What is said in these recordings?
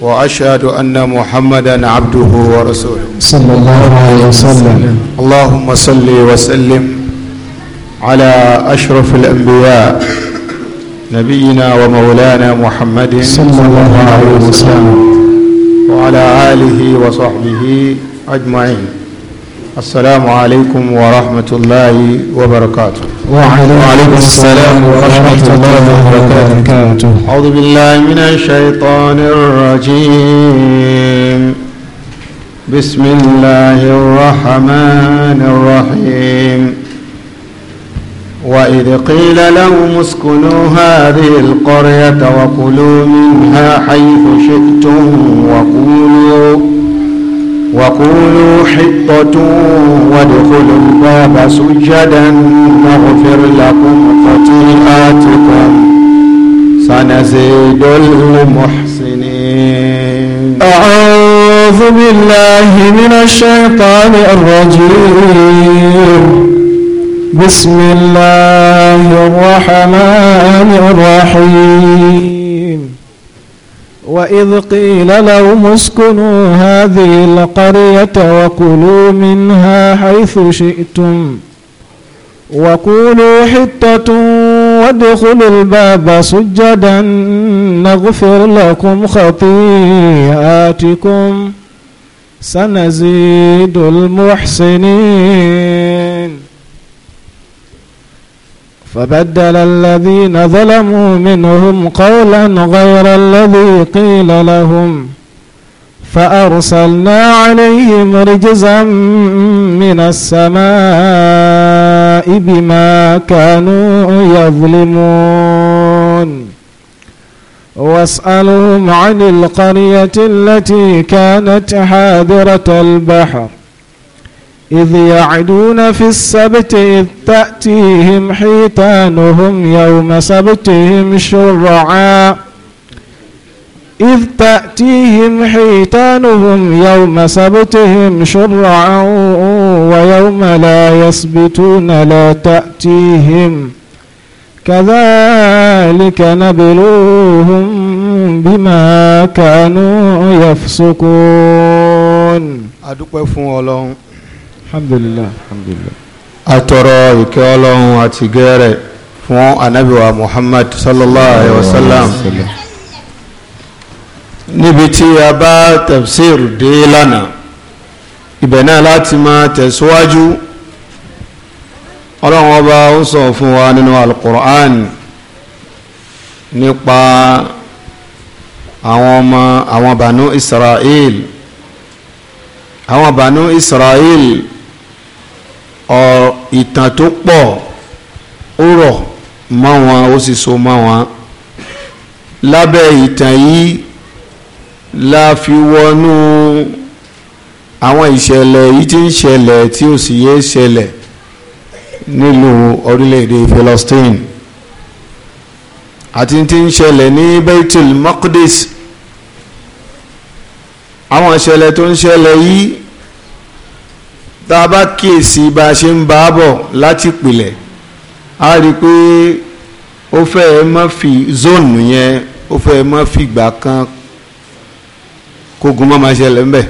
واشهد ان محمدا عبده ورسوله صلى الله عليه وسلم اللهم صل وسلم على اشرف الانبياء نبينا ومولانا محمد صلى الله عليه وسلم وعلى اله وصحبه اجمعين السلام عليكم ورحمه الله وبركاته وعليكم السلام ورحمة الله وبركاته أعوذ بالله من الشيطان الرجيم بسم الله الرحمن الرحيم وإذ قيل لهم اسكنوا هذه القرية وكلوا منها حيث شئتم وقولوا وقولوا حطة وادخلوا الباب سجدا نغفر لكم خطيئاتكم سنزيد المحسنين أعوذ بالله من الشيطان الرجيم بسم الله الرحمن الرحيم وإذ قيل لهم اسكنوا هذه القرية وكلوا منها حيث شئتم وقولوا حتة وادخلوا الباب سجدا نغفر لكم خطيئاتكم سنزيد المحسنين فبدل الذين ظلموا منهم قولا غير الذي قيل لهم فأرسلنا عليهم رجزا من السماء بما كانوا يظلمون واسألهم عن القرية التي كانت حاضرة البحر إذ يعدون في السبت إذ تأتيهم حيتانهم يوم سبتهم شرعا إذ تأتيهم حيتانهم يوم سبتهم شرعا ويوم لا يسبتون لا تأتيهم كذلك نبلوهم بما كانوا يفسقون alhamdulillah alhamdulillah. atọrọ ìkẹ́ ọlọ́run àti gẹ́rẹ̀ fún anabi wa muhammad sallallahu alayhi wa sallam níbi tí a bá tafsir dé lánàá ibẹ̀ náà láti máa tẹ̀síwájú ọlọ́run ọba ó sọ fún wa nínú alukur'an nípa àwọn ọmọ àwọn bànú israel àwọn bànú israel ọ ìtàn tó pọ̀ ó rọ̀ mọ́ wọn ó sì so mọ́ wọn lábẹ́ ìtàn yìí la fi wọnú àwọn ìṣẹ̀lẹ̀ yìí tí ń ṣẹlẹ̀ tí ó sì yé ṣẹlẹ̀ nílùú orílẹ̀-èdè Palestine àti tí ń ṣẹlẹ̀ ní Baitul Maqdis àwọn ìṣẹ̀lẹ̀ tó ń ṣẹlẹ̀ yìí tá a bá kíyèsí bá a ṣe ń bá a bọ̀ láti pìlẹ̀ a rí i pé ó fẹ́ẹ́ má fi zónù yẹn ó fẹ́ẹ́ má fi ìgbà kan kógun má máa ṣẹlẹ̀ ńbẹ̀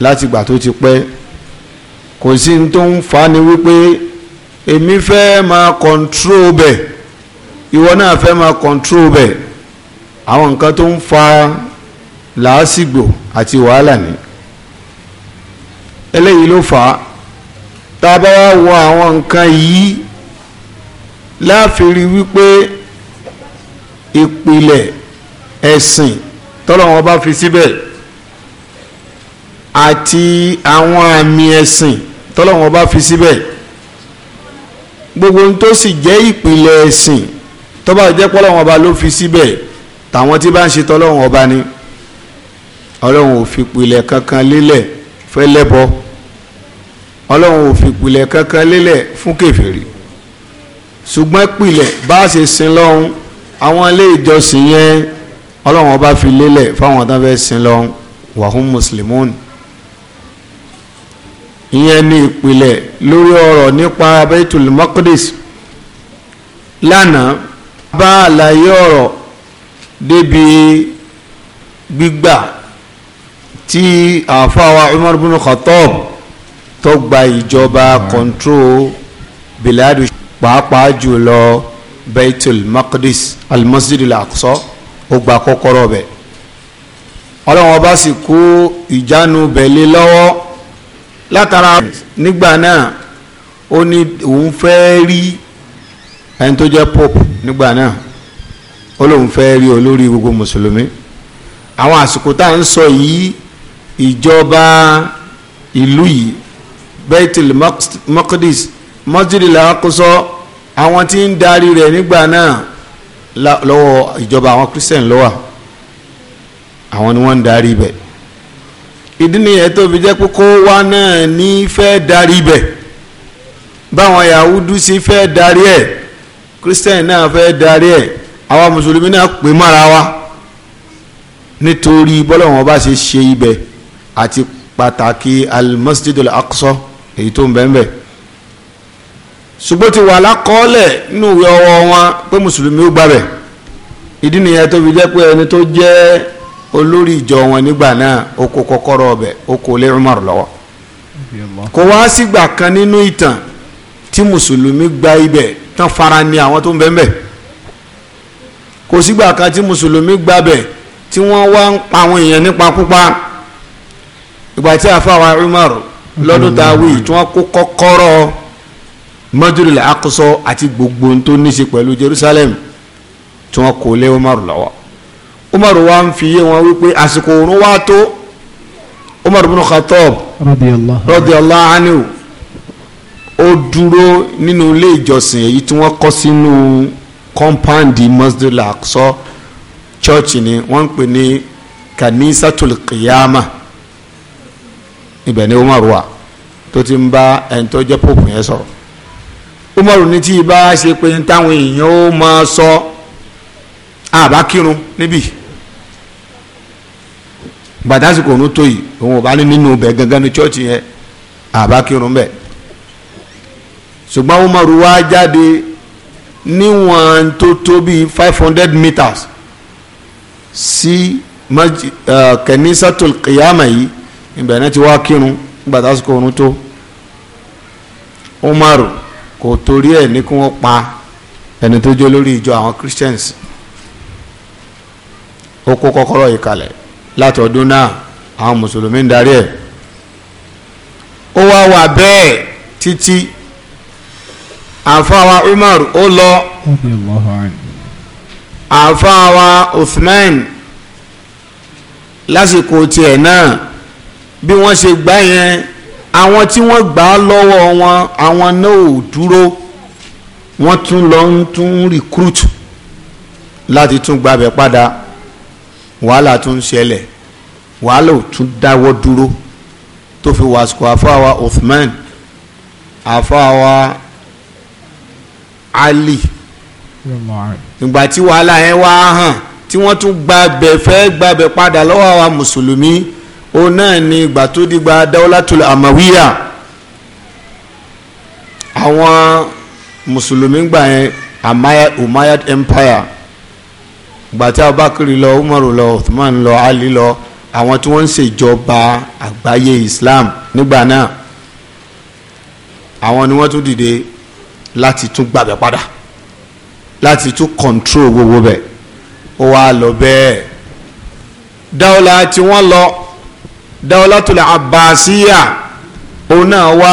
láti ìgbà tó ti pẹ́ kò sí ní tó ń fa ni wípé èmi fẹ́ máa kọ̀ǹtró bẹ̀ ìwọ náà fẹ́ máa kọ̀ǹtró bẹ̀ àwọn nǹkan tó ń fa làásìgbò àti wàhálà ni eléyìí ló fà á tá a bá wá wo àwọn nǹkan yìí láàfin wípé ìpìlẹ̀ ẹ̀sìn tọ́lọ́wọ́n bá fi síbẹ̀ àti àwọn àmì ẹ̀sìn tọ́lọ́wọ́n bá fi síbẹ̀ gbogbo ohun tó sì jẹ́ ìpìlẹ̀ ẹ̀sìn tọ́ba jẹ́ pọ́lọ́wọ́n ọba ló fi síbẹ̀ tàwọn tí bá ń ṣe tọ́lọ́wọ́n ọba ni ọlọ́run ò fi ìpìlẹ̀ kankan lélẹ̀ fẹ́ lẹ́bọ̀ọ́ ọlọ́run ò fi pilẹ̀ kankan lélẹ̀ fún kèfèrí ṣùgbọ́n pilẹ̀ bá a ṣe sin lọ́hún àwọn ilé ìjọsìn yẹn ọlọ́run ọba fi lélẹ̀ fáwọn tó fẹ́ sin lọ́hún wàhún mùsùlùmún ìyẹn ní ìpìlẹ̀ lórí ọ̀rọ̀ nípa Baitul Maqdis lánàá bá àlàyé ọ̀rọ̀ débi gbígbà tí àáfàá wa Umar bin Khattab tó gba ìjọba kọ̀ǹtró biladu pàápàá jùlọ baitul maqdis almasjidul aqsa ó gba kọ́kọ́rọ́ bẹ̀ ọlọ́wọ́n bá sì kó ìjánu bẹ̀lẹ́ lọ́wọ́ látara nígbà náà ó ní òun fẹ́ rí ẹni tó jẹ́ pope nígbà náà ó lóun fẹ́ rí olórí gbogbo mùsùlùmí àwọn àsìkò tá à ń sọ yìí ìjọba ìlú yìí baitul maqdis masjidil aqsa àwọn tí ń darí rẹ̀ nígbà náà lọ́wọ́ ìjọba àwọn christian ló wà àwọn ni wọ́n ń darí ibẹ̀ ìdí nìyẹn tó fi jẹ́ pé kó wá náà ní fẹ́ darí ibẹ̀ báwọn yahudu sì fẹ́ darí ẹ̀ christian náà fẹ́ darí ẹ̀ àwa mùsùlùmí náà pè mára wa nítorí bọ́lá wọn bá ṣe ṣe ibẹ̀ àti pàtàkì al-masjid al-aqsa. Al èyí tó ń bẹ́ẹ̀ bẹ́ẹ̀ ṣùgbọ́n ti wà lákọọ́lẹ̀ nínú ìwé ọwọ́ wọn pé mùsùlùmí ó gbàbẹ̀ ìdí nìyẹn tó fi jẹ́ pé ẹni tó jẹ́ olórí ìjọ wọn nígbà náà ó kó kọ́kọ́rọ́ ọbẹ̀ ó kó lé Umar lọ́wọ́ kò wá sígbà kan nínú ìtàn tí mùsùlùmí gba ibẹ̀ tán fara ni àwọn tó ń bẹ́ẹ̀ bẹ́ẹ̀ kò sígbà kan tí mùsùlùmí gbàbẹ̀ tí wọ́n wá ń pa àwọn èèyàn nípa púpa ìgbà tí àfa wa Umar lọ́dún tá a wí tí wọ́n kó kọ́kọ́rọ́ mọ́júlùlá akọ́sọ́ àti gbogbo tó ní í ṣe pẹ̀lú Jerusalem tí wọ́n kó lé Umaru lọ́wọ́ Umaru wa ń fi yé wọn wípé àsìkò òun wá tó Umaru bin Khattab radiyallahu anhu ó dúró nínú ilé ìjọsìn èyí tí wọ́n kọ́ sínú kọ́ńpáǹdì mọ́júlùlá akọ́sọ́ chọ́ọ̀chì ni wọ́n ń pè ní kanisatul qiyama ibẹ̀ ni Umaru wà tó ti ń bá ẹni tó jẹ́ pope yẹn sọ̀rọ̀ Umaru ní tí ibà ṣe pé táwọn èèyàn ó máa sọ àbá kírun níbí gbàdásìkò òun tó yìí òun ò bá ní nínú bẹ̀ gangan ní chọ́ọ̀chì yẹn àbá kírun bẹ́ẹ̀ ṣùgbọ́n Umaru wá jáde níwọ̀n tó tó bíi five hundred meters sí kẹ̀nísàtò eh, kìyàmà yìí ìgbà náà ti wá kírun nígbà tásìkò òun tó Umar kò torí ẹ̀ ní kí wọ́n pa ẹni tó jó lórí ìjọ àwọn Christians ó kó kọ́kọ́rọ́ yìí kalẹ̀ láti ọdún náà àwọn mùsùlùmí ń darí ẹ̀ ó wá wà bẹ́ẹ̀ títí àfáwa Umar ó lọ àfáwa Uthman lásìkò tiẹ̀ náà bí wọ́n ṣe gbá yẹn àwọn tí wọ́n gbà á lọ́wọ́ wọn àwọn náà ò dúró wọ́n tún lọ ń tún recruit láti tún gbàbẹ̀ padà wàhálà tún ṣẹlẹ̀ wàhálà ò tún dáwọ́ dúró tó fi wàásù àfọwà Uthman àfọwà Ali ìgbà tí wàhálà yẹn wá hàn tí wọ́n tún gbàbẹ̀ fẹ́ gbàbẹ̀ padà lọ́wọ́ àwa mùsùlùmí òun náà ni ìgbà tó dìgbà dáwọ́látò àmàwíyà àwọn mùsùlùmí gbà yẹn amaya umayyad empire ìgbà tí abakiri lọ umaru lọ uthman lọ ali lọ àwọn tí wọ́n ń ṣèjọba àgbáyé islam nígbà náà àwọn ni wọ́n tún dìde láti tún gbàgbẹ́ padà láti tún control gbogbo bẹ̀ ó wá lọ bẹ́ẹ̀ dáwọ́lá tí wọ́n lọ dawlatul abbasiya òun náà wá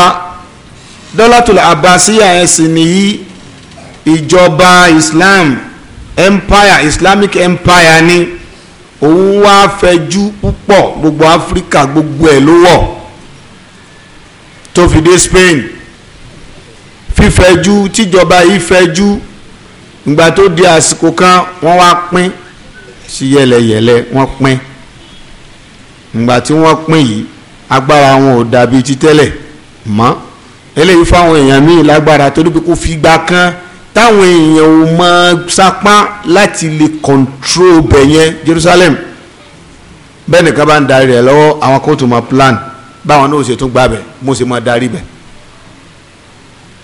dawlatul abbasiya yẹn sì nìyí ìjọba islam empire islamic empire ni òun wá fẹjú púpọ̀ gbogbo áfíríkà gbogbo ẹ̀ ló wọ̀ tó fi dé spain fífẹjú tíjọba yìí fẹjú ìgbà tó di àsìkò kan wọ́n wá pín sí yẹlẹyẹlẹ wọ́n pín ìgbà tí wọ́n pín yìí agbára wọn ò dàbí ti tẹ́lẹ̀ mọ́ eléyìí fáwọn èèyàn míì lágbára torí pé kò fi gbà kan táwọn èèyàn ò mọ sapá láti lè kọ̀ǹtró bẹ̀yẹn Jerusalem bẹ́ẹ̀ nìkan bá ń darí rẹ̀ lọ́wọ́ àwọn kóòtù plan báwọn náà ṣe tún gbà bẹ̀ mo ṣe máa darí bẹ̀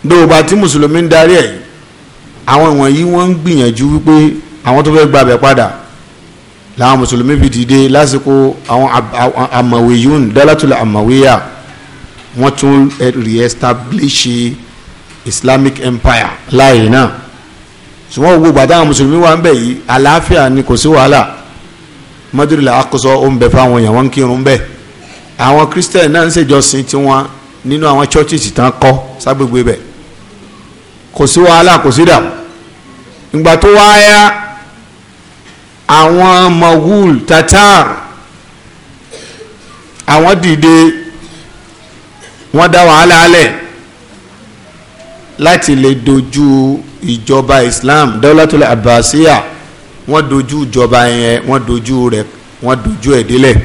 dóòbá tí mùsùlùmí ń darí ẹ̀ àwọn wọ̀nyí wọ́n ń gbìyànjú wípé àwọn tó fẹ́ gbà bẹ̀ padà làwọn mùsùlùmí fi dìde lásìkò àwọn amawiyun dalatul amawiya wọ́n tún eh, re-establish islamic empire láàyè náà ṣùgbọ́n gbogbo àti àwọn mùsùlùmí wa ń bẹ̀ yìí àlàáfíà ni kò sí wàhálà mọ́tòrìlà akọ́sọ́ ó ń bẹ fáwọn èèyàn wọn ń kírun bẹ́ẹ̀ àwọn christian náà ń ṣèjọsìn tiwọn nínú àwọn churches tán kọ́ ságbègbè bẹ̀ kò sí wàhálà kò sí dàmú ìgbà tó wáyà àwọn mọ̀wúl tatar àwọn dìde wọ́n dá wàhálà alẹ̀ láti lè dojú ìjọba Islam dawlatul abbasiya wọ́n dojú ìjọba yẹn wọ́n dojú rẹ̀ wọ́n dojú ẹ̀ délẹ̀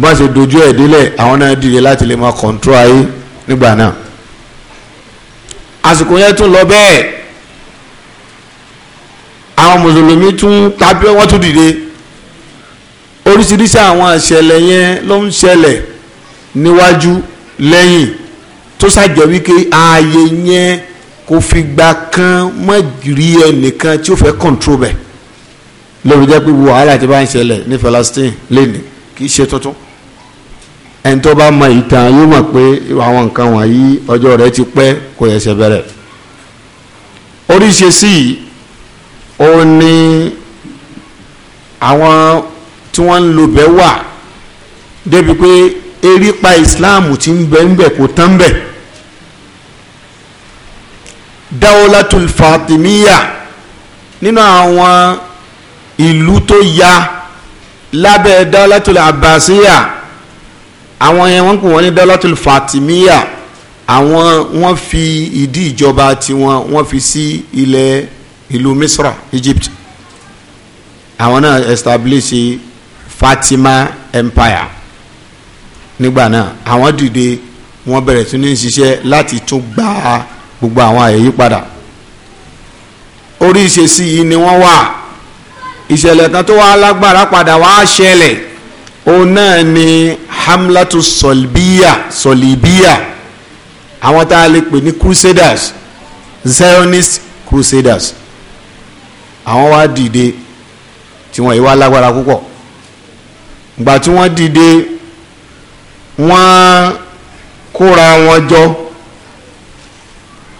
bá ṣe dojú ẹ̀ délẹ̀ àwọn náà dìde láti lè máa kọ̀ǹtró ayé nígbà náà àsìkò yẹn tún lọ bẹ́ẹ̀ àwọn mùsùlùmí tún tàbí wọ́n tún dìde oríṣiríṣi àwọn ìṣẹ̀lẹ̀ yẹn ló ń ṣẹlẹ̀ níwájú lẹ́yìn tó ṣàjẹ́ wípé ààyè yẹn kò fìgbà kan mọ̀ rí ẹnìkan tí ó fẹ́ kọ̀ǹtró bẹ̀ lórí jẹ́ pé wàhálà tí bá ń ṣẹlẹ̀ ní Palestine lẹ́nìí kì í ṣe tuntun ẹni tó bá mọ ìtàn yóò mọ̀ pé àwọn nǹkan wọ̀nyí ọjọ́ rẹ̀ ti pẹ́ kò yẹsẹ̀ bẹ̀rẹ̀ oríṣiríṣi ó ní àwọn tí wọ́n ń lo bẹ́ẹ̀ wà débi pé erípa islam ti ń bẹ ń bẹ kò tán bẹ̀ dáwọ́látùl fatimiyya nínú àwọn ìlú tó ya lábẹ́ dáwọ́látùl abbasiyya àwọn yẹn wọ́n kò wọ́n ní dáwọ́látùl fatimiyya àwọn wọ́n fi ìdí ìjọba tiwọn wọ́n fi sí ilẹ̀ ìlú misra egypt àwọn náà establish fatima empire nígbà náà àwọn dìde wọ́n bẹ̀rẹ̀ tún ní ṣiṣẹ́ láti tún gba gbogbo àwọn àyè yí padà orí ìṣesí yìí ni wọ́n wà ìṣẹ̀lẹ̀ kan tó wá lágbára padà wá ṣẹlẹ̀ òun náà ni hamlatu solbiya solibiya àwọn tá a lè pè ní crusaders zionist crusaders àwọn wá dìde tí wọ́n yìí wá lágbára púpọ̀ ìgbà tí wọ́n dìde wọ́n kóra wọn jọ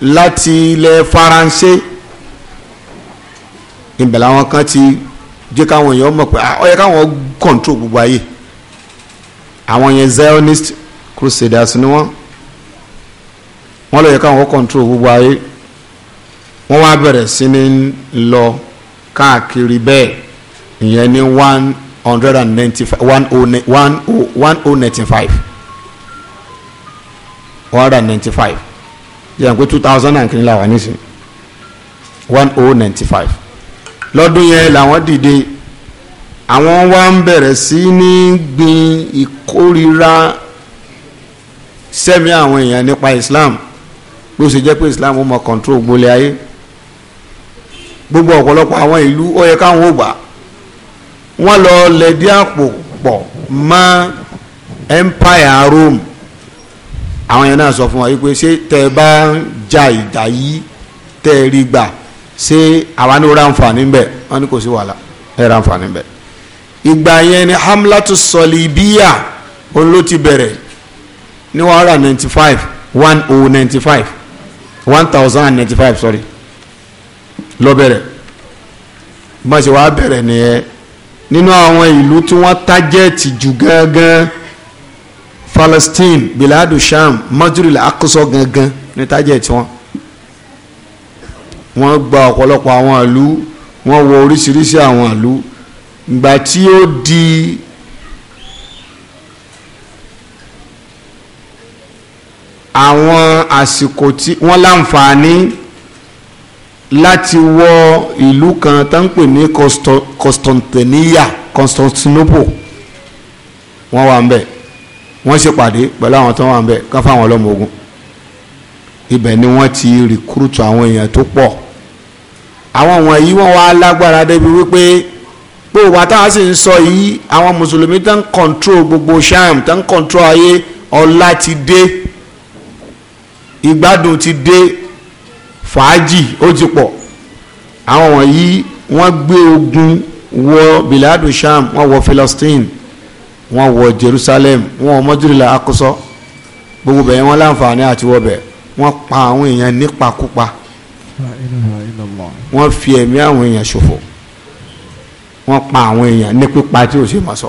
láti ilẹ̀ faransé ìbẹ̀lẹ̀ àwọn kan ti jẹ́ káwọn èèyàn mọ̀ pé ah, ó yẹ káwọn kọ̀ǹtró gbogbo ayé àwọn yẹn zionist crusaders ni wọ́n wọ́n lọ yẹ káwọn kọ̀ǹtró gbogbo ayé wọ́n wá bẹ̀rẹ̀ sí ní lọ káàkiri bẹ́ẹ̀ ìyẹn ní one hundred and ninety five oh one oh one oh one oh ninety five one hundred and ninety five yẹn pé two thousand and kìíní làwọn nísìn one oh ninety five lọ́dún yẹn làwọn dìde àwọn wa ń bẹ̀rẹ̀ sí ní gbin ìkórira sẹ́mi àwọn èèyàn nípa Islam bó ṣe jẹ́ pé Islam ó mọ control gbolé ayé gbogbo ọ̀pọ̀lọpọ̀ àwọn ìlú ó yẹ káwọn ò gbà wọ́n lọ lẹ̀dí àpò pọ̀ mọ́ empire Rome àwọn yẹn náà sọ fún wa yìí pé ṣé tẹ bá ń ja ìjà yìí tẹ rí gbà ṣé àwa ní ra nfààní bẹ wọn ní kò sí wàhálà ẹ ra nfààní bẹ ìgbà yẹn ni hamlatu sọlíbíyà òun ló ti bẹ̀rẹ̀ ní wàhálà ninety five one oh ninety five one thousand and ninety five sorry lọ bẹ̀rẹ̀ bá ṣe wàá bẹ̀rẹ̀ nìyẹn nínú àwọn ìlú tí wọ́n tájẹ́ẹ̀tì jù gángan Palestine biladu sham madrid akosọ gangan ní tájẹ́ẹ̀tì wọn wọ́n gba ọ̀pọ̀lọpọ̀ àwọn ìlú wọ́n wọ oríṣiríṣi àwọn ìlú ìgbà tí ó di àwọn àsìkò tí wọ́n láǹfààní láti wọ ìlú kan tá ń pè ní Constantinople Constantinople wọ́n wà ń bẹ̀ wọ́n ṣèpàdé pẹ̀lú àwọn tó wà ń bẹ̀ káfá àwọn ọlọ́mọ ogun ibẹ̀ ni wọ́n ti rìkúrútù àwọn èèyàn tó pọ̀ àwọn wọ̀nyí wọ́n wá lágbára débi wípé pé òwà táwa sì ń sọ yìí àwọn mùsùlùmí tó ń kọ̀ǹtró gbogbo sham tó ń kọ̀ǹtró ayé ọlá ti dé ìgbádùn ti dé fàájì ó ti pọ̀ àwọn wọ̀nyí wọ́n gbé ogun wọ biladu sham wọ́n wọ philistine wọ́n wọ jerusalem wọ́n wọ mọ́júrìlá akọ́sọ́ gbogbo bẹ̀yẹn wọ́n láǹfààní àti wọ́bẹ̀ wọ́n pa àwọn èèyàn nípakúpa wọ́n fi ẹ̀mí àwọn èèyàn ṣòfò wọ́n pa àwọn èèyàn ní pípa tí ò ṣe máa sọ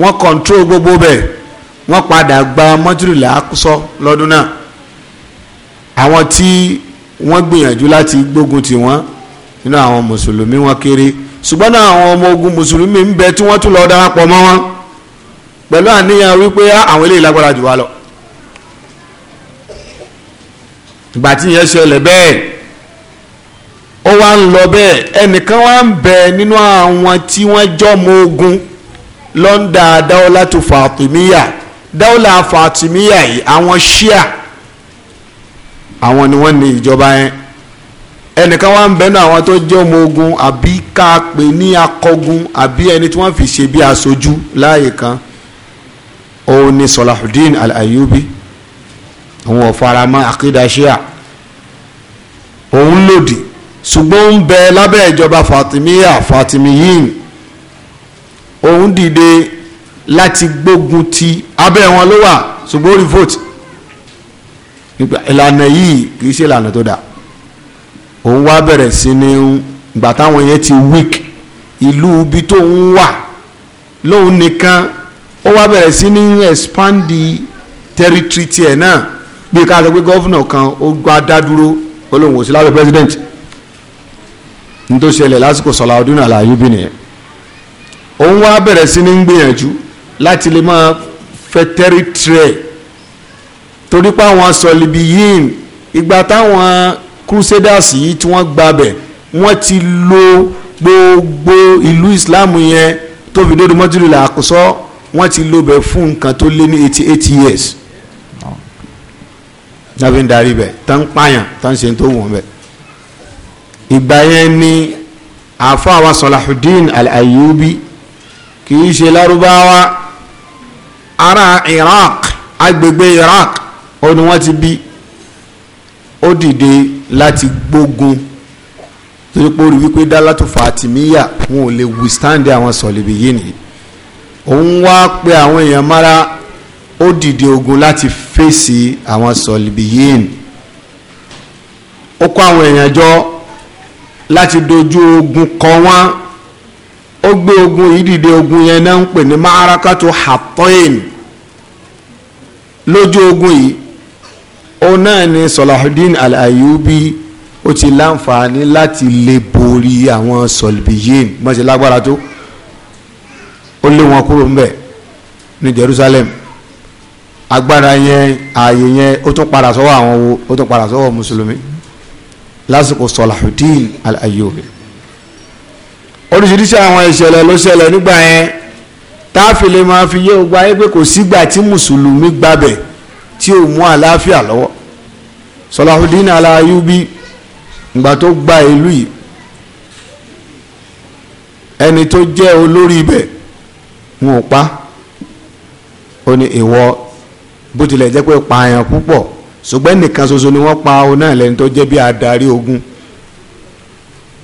wọ́n kọ̀ntró gbogbo bẹ̀ wọ́n padà gba mọ́júrìlá akọ́sọ́ lọ́dún náà àwọn tí wọ́n gbìyànjú láti gbógun tì wọ́n nínú àwọn mùsùlùmí wọn kéré ṣùgbọ́n náà àwọn ọmọ ogun mùsùlùmí ń bẹ tí wọ́n tún lọ darapọ̀ mọ́ wọn pẹ̀lú àníyàn wípé ah, àwọn eléyìí lágbára jù wá lọ ìgbà tí ìyẹn ṣẹlẹ̀ bẹ́ẹ̀ ó wá ń lọ bẹ́ẹ̀ ẹnìkan wá ń bẹ nínú àwọn tí wọ́n jọmọ ogun lọ́ńdà dáwọ́lá tó fàtìmíyà dáwọ́lá fàtìmíyà yìí àwọn ṣíà àwọn ni wọ́n ní ìjọba yẹn ẹnìkan wá ń bẹ́nu àwọn tó jẹ́ ọmọ ogun àbí ká ní akọgun àbí ẹni tí wọ́n fi ṣe bí aṣojú láàyè kan òun ni Salahuddin Al-Ayyubi àwọn ọ̀faramọ́ akida Shia òun lòdì ṣùgbọ́n ń bẹ lábẹ́ ìjọba Fatimiya Fatimiyin òun dìde láti gbógun ti abẹ́ wọn ló wà ṣùgbọ́n rí vote nígbà ìlànà yìí kì í ṣe ìlànà tó dà òun wá bẹ̀rẹ̀ sí ní gbà táwọn yẹn ti weak ìlú ibi tó ń wà lóun nìkan ó wá bẹ̀rẹ̀ sí ní expand territory tiẹ̀ náà bí ká sọ pé gọ́vùnà kan ó gbá dá dúró ó lóun ò sí lábẹ́ president nítorí ṣẹlẹ̀ lásìkò Salaudeen Alayubi nìyẹn òun wá bẹ̀rẹ̀ sí ní gbìyànjú láti lè máa fẹ́ territory torí pé àwọn sọlibiyin ìgbà táwọn crusaders yìí tí wọ́n gbabẹ̀ wọ́n ti lo gbogbo ìlú islam yẹn tó fi dóde mọ́tìrì làkúsọ́ wọ́n ti lo bẹ̀ fún nǹkan tó lé ní eighty eight years nàbí ń darí bẹ̀ tá ń pààyàn tá ń ṣe tó wọ̀n bẹ̀ ìgbà yẹn ni àfọ àwọn Salahuddin al kì í ṣe lárúbáwá ará Iraq agbègbè Iraq ó ní wọ́n ti bí ó dìde láti gbógun torí pé ó rí wípé dálátò fàtìmíyà wọn ò lè withstand àwọn sọ̀lẹ̀bì yìí nìyí òun wá pé àwọn èèyàn mára ó dìde ogun láti fèsì àwọn sọ̀lẹ̀bì yìí nìyí ó kó àwọn èèyàn jọ láti dojú ogun kọ wọ́n ó gbé ogun yìí dìde ogun yẹn náà ń pè ní maharakatu hatoyin lójú ogun yìí òun náà ni Salahuddin al ayubi ó ti láǹfààní láti lè borí àwọn sọlbiyin bọ́n ṣe lágbára tó ó lé wọn kúrò ń bẹ̀ ní Jerusalem agbára yẹn ààyè yẹn ó tún padà sọ́wọ́ àwọn wo ó tún padà sọ́wọ́ mùsùlùmí lásìkò Salahuddin al ayubi oríṣiríṣi àwọn ìṣẹ̀lẹ̀ ló ṣẹlẹ̀ nígbà yẹn táàfin lè máa fi yé ogbà yẹn pé kò sígbà tí mùsùlùmí gbàbẹ̀ tí ò mú àlàáfíà lọ́wọ́ Salahudeen Al-Ayyubi ìgbà tó gba ìlú yìí ẹni tó jẹ́ olórí ibẹ̀ wọn ò pa ó ní ìwọ bó tilẹ̀ jẹ́ pé pààyàn púpọ̀ ṣùgbọ́n nìkan ṣoṣo ni wọ́n pa ọ náà lẹ́ni tó jẹ́ bí adarí ogun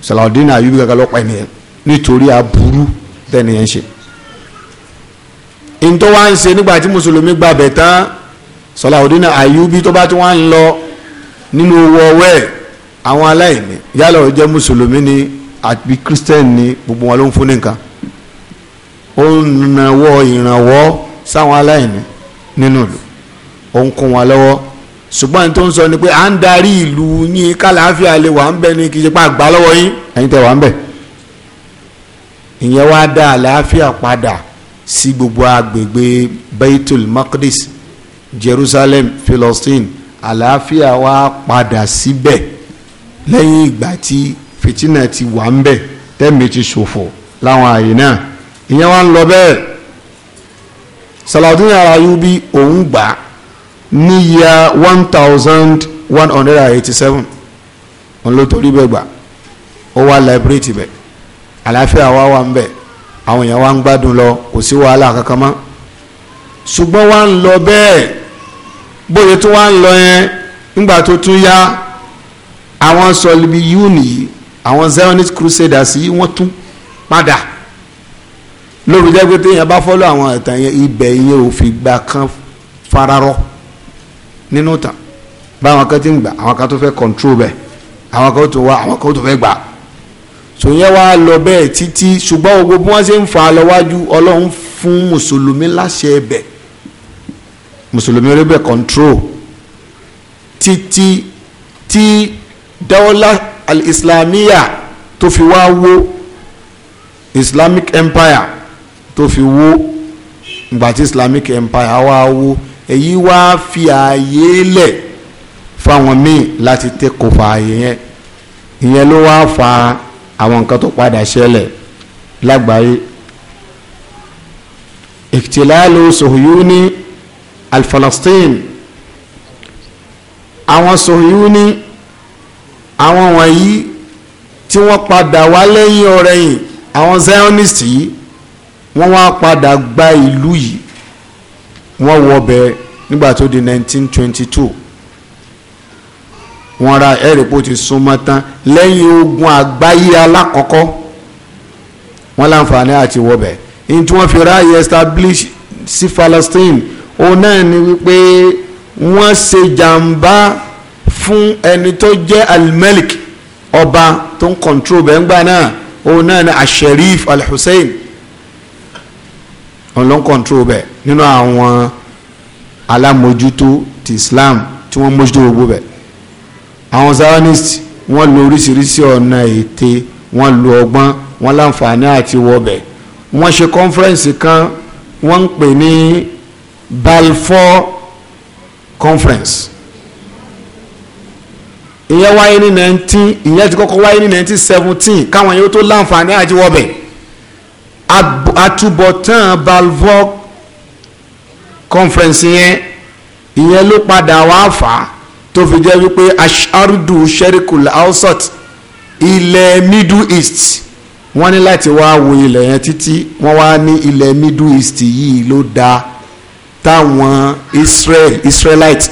Salahudeen al kankan lọ́pàá ènìyàn nítorí aburú tẹ́niyẹn ṣe ìntọ́wá ń ṣe nígbà tí mùsùlùmí gbàbẹ̀ tán Salaudeen Ayubi tó bá ti wá ń lọ nínú owó ọwọ́ ẹ̀ àwọn aláìní yálà ó jẹ́ mùsùlùmí ni àbí kírísítẹ́nì ni gbogbo wọn ló ń fún ní nǹkan ó ń nawọ́ ìrànwọ́ sáwọn aláìní nínú ìlú ó ń kún wọn lọ́wọ́ ṣùgbọ́n tó ń sọ ni pé à ń darí ìlú yín kálàáfíà lè wà ń bẹ ní kì í ṣe pé àgbà lọ́wọ́ yín ẹ̀yin tẹ̀ wà ń bẹ ìyẹn wá dá àlàáfíà padà sí gbogbo agbègbè Baitul Maqdis Jerusalem Philistine àlàáfíà wa padà síbẹ̀ lẹ́yìn ìgbà tí fìtínà ti wà ń bẹ̀ tẹ́mi ti ṣòfò láwọn àyè náà ìyẹn wá ń lọ bẹ́ẹ̀ Saladin Al-Ayyubi òun gbà ní yíya one thousand one hundred and eighty seven wọn ló torí bẹ́ẹ̀ gbà ó wá láìbírètì bẹ́ẹ̀ àlàáfíà wá wà ń bẹ̀ àwọn èèyàn wá ń gbádùn lọ kò sí wàhálà kankan mọ́ ṣùgbọ́n wá ń lọ bẹ́ẹ̀ bóyá tó wá ń lọ yẹn nígbà tó tún yá àwọn sọlíbi yúùnì yìí àwọn zionist crusaders yìí wọ́n tún padà lórí jẹ́ pé téèyàn bá fọ́lọ́ àwọn ìtàn yẹn ibẹ̀ yẹn ò fi gbà kan fararọ nínú ìtàn báwọn kan ti ń gbà àwọn kan tó fẹ́ control bẹ̀ àwọn kan tó wá àwọn kan tó fẹ́ gbà tò yẹn wá lọ bẹ́ẹ̀ títí ṣùgbọ́n gbogbo bí ṣe ń fa lọ ọlọ́run fún mùsùlùmí láṣẹ bẹ́ẹ̀ mùsùlùmí rí control títí tí dawla al-islamiyya tó fi wá wó islamic empire tó fi wó ìgbà islamic empire wá wó èyí wá fi ààyè lẹ̀ fáwọn míì láti tẹ́kọ̀ọ́ fa ààyè yẹn ìyẹn ló wá fa àwọn nǹkan tó padà ṣẹlẹ̀ lágbàáyé ìtìláàlù sòhùyú ní alfalastin àwọn Soyuni àwọn wọ̀nyí tí wọ́n padà wá lẹ́yìn ọ̀rẹ́yìn àwọn zionist yìí wọ́n wá padà gba ìlú yìí wọ́n wọbẹ̀ nígbà tó di 1922 wọ́n ra ẹ̀rìpọ̀ ti súnmọ́ tán lẹ́yìn ogun àgbáyé alákọ̀ọ́kọ́ wọ́n láǹfààní àti wọbẹ̀ ní tí wọ́n fi ráàyè establish sí Palestine òun náà ni wípé wọ́n ṣe jàǹbá fún ẹni tó jẹ́ almelik ọba tó ń kọ̀ntró bẹ́ńgbà náà òun náà ni asherif alhussein òun ló ń kọ̀ntró bẹ́ẹ̀ nínú àwọn alámójútó ti islam tí wọ́n mójútó gbogbo bẹ́ẹ̀ àwọn zionist wọ́n lo oríṣiríṣi ọ̀nà ète wọ́n lo ọgbọ́n wọ́n láǹfààní àti wọbẹ̀ wọ́n ṣe kọ́nfẹ́rẹ́nsì kan wọ́n ń pè ní Balfour conference ìyẹn wáyé ní nineteen ìyẹn ti kọ́kọ́ wáyé ní nineteen seventeen káwọn yóò tó láǹfààní àjíwọ́bẹ̀ àtúbọ̀tán Balfour conference yẹn ìyẹn ló padà wá fà á tó fi jẹ́ wípé asharudu sherikul ausat ilẹ̀ middle east wọ́n ní láti wá wo ilẹ̀ yẹn títí wọ́n wá ní ilẹ̀ middle east yìí ló dáa táwọn Israel Israelite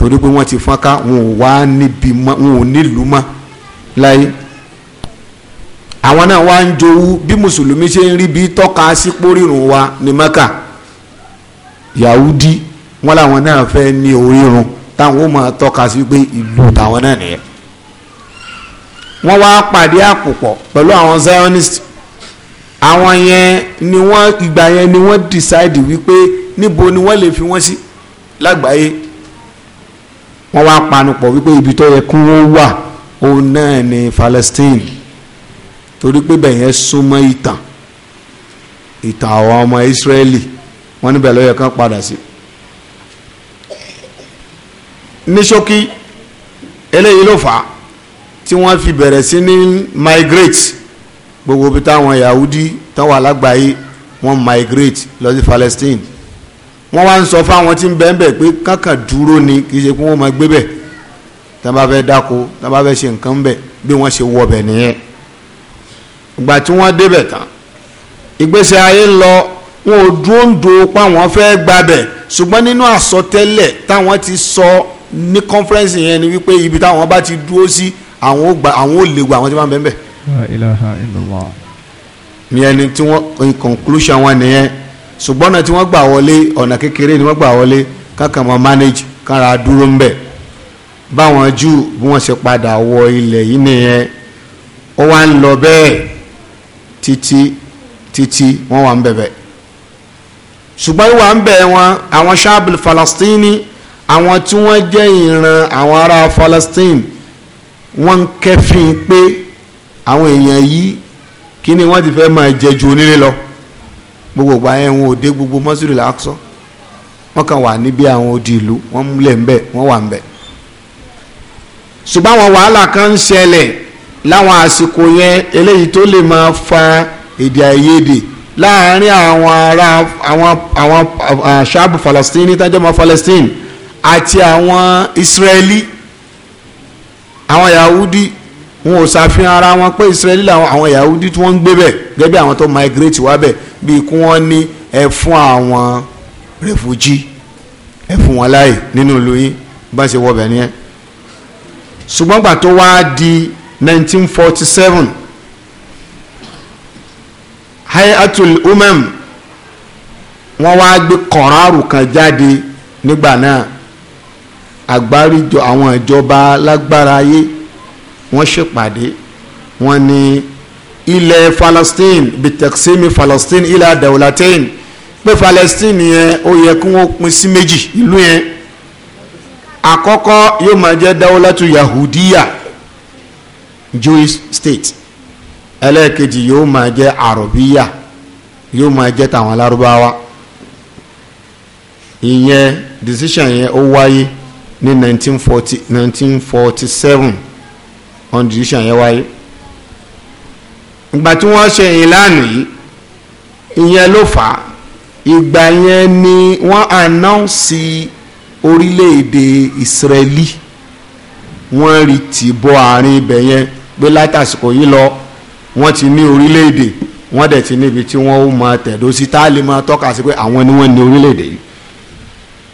torí pé wọ́n ti fọ́nká wọn ò wá níbi mọ́ wọn ò nílùú mọ́ láyé àwọn náà wá ń jowú bí mùsùlùmí ṣe ń rí bí tọ́ka sípò rírun wa ní Mẹ́kà Yahudi wọn làwọn náà fẹ́ ní orírun táwọn ó máa tọ́ka sí pé ìlú táwọn náà nìyẹn wọ́n wá pàdé àpòpọ̀ pẹ̀lú àwọn Zionist àwọn yẹn ni wọ́n ìgbà yẹn ni wọ́n decide wípé níbo ni wọ́n lè fi wọ́n sí lágbàáyé wọ́n wá panupọ̀ wípé ibi tó yẹ kí wọ́n wà òun náà ni Palestine torí pé bẹ̀yẹn súnmọ́ ìtàn ìtàn àwọn ọmọ Israeli wọ́n níbẹ̀ ló yẹ kán padà sí. ní ṣókí eléyìí ló fà á tí wọ́n fi bẹ̀rẹ̀ sí ní migrate gbogbo bí táwọn Yahudi tán wà lágbàáyé wọ́n migrate lọ sí Palestine wọ́n wá ń sọ fáwọn tí ń bẹ́ẹ̀ bẹ́ẹ̀ pé kankan dúró ni kì í ṣe pé wọ́n máa gbé bẹ̀ tán bá fẹ́ dáko tán bá fẹ́ ṣe nǹkan bẹ̀ bí wọ́n ṣe wọ̀ bẹ̀ nìyẹn ìgbà tí wọ́n débẹ̀ tán ìgbésẹ̀ ayé lọ wọn ò dúró ń do páwọn fẹ́ gbabẹ̀ ṣùgbọ́n nínú àsọtẹ́lẹ̀ táwọn ti sọ ní conference yẹn ni wípé ibi táwọn bá ti dúró sí àwọn ò lè wọ àwọn tí wọ́n bẹ́ẹ̀ bẹ́ẹ̀ la ilaha illallah. ìyẹn ni tí wọ́n in conclusion wọn nìyẹn ṣùgbọ́n náà tí wọ́n gbà wọlé ọ̀nà kékeré ni wọ́n gbà wọlé kankan mọ́ manage kára dúró ń bẹ̀ báwọn Júù bí wọ́n ṣe padà wọ ilẹ̀ yìí nìyẹn ó wá ń lọ bẹ́ẹ̀ títí títí wọ́n wà ń bẹ̀bẹ̀ ṣùgbọ́n wíwà ń bẹ̀ wọn àwọn sábìlì falastini àwọn tí wọ́n jẹ́ ìran àwọn ará Palestine wọ́n ń kẹ́fìn pé àwọn èèyàn yìí kí ni wọ́n ti fẹ́ máa jẹ ju onílé lọ gbogbo ìgbà yẹn wọn gbogbo mọ́sídùú làákùsọ wọ́n kàn wà níbi àwọn odi ìlú wọ́n múlẹ̀ ńbẹ̀ wọ́n wà ńbẹ̀ ṣùgbọ́n àwọn wàhálà kan ń ṣẹlẹ̀ láwọn àsìkò yẹn eléyìí tó lè máa fa èdè àìyedè láàárín àwọn ará àwọn àwọn ṣáàbù Falastini tájọmọ Falastini àti àwọn Israeli àwọn Yahudi wọn ò ṣàfihàn ara wọn pé Israeli làwọn àwọn Yahudi tí wọ́n ń gbé bẹ̀ gẹ́gẹ́ bí àwọn tó migrate wá bẹ̀ bíi kí wọ́n ní ẹ fún àwọn refugee ẹ fún wọn láàyè nínú ìlú yín bá ṣe wọbẹ̀ nìyẹn ṣùgbọ́n gbà tó wá di 1947 hayatul umam wọ́n wá gbé kọ̀ọ̀rọ̀ kan jáde nígbà náà àgbáríjọ àwọn ìjọba lágbára ayé wọ́n ṣèpàdé wọ́n ní ilẹ̀ Palestine bitaksimi Palestine ilẹ̀ adawulatain pé Palestine yẹn ó yẹ kí wọ́n pín sí méjì ìlú yẹn àkọ́kọ́ yóò máa jẹ́ dawulatu yahudiya Jewish state ẹlẹ́ẹ̀kejì yóò máa jẹ́ arabiya yóò máa jẹ́ tàwọn alárúbáwá ìyẹn decision yẹn ó wáyé ní 1940, 1947 condition yẹn wáyé ìgbà tí wọ́n ṣe ìlànà yìí ìyẹn ló fà á ìgbà yẹn ni wọ́n announce orílẹ̀-èdè ìsírẹ́lì wọ́n rí ti bọ́ àárín ibẹ̀ yẹn pé látàsìkò yìí lọ wọ́n ti ní orílẹ̀-èdè wọ́n dẹ̀ ti níbi tí wọ́n ó máa tẹ̀dó sí tá a lè máa tọ́ka sí pé àwọn ni wọ́n ní orílẹ̀-èdè yìí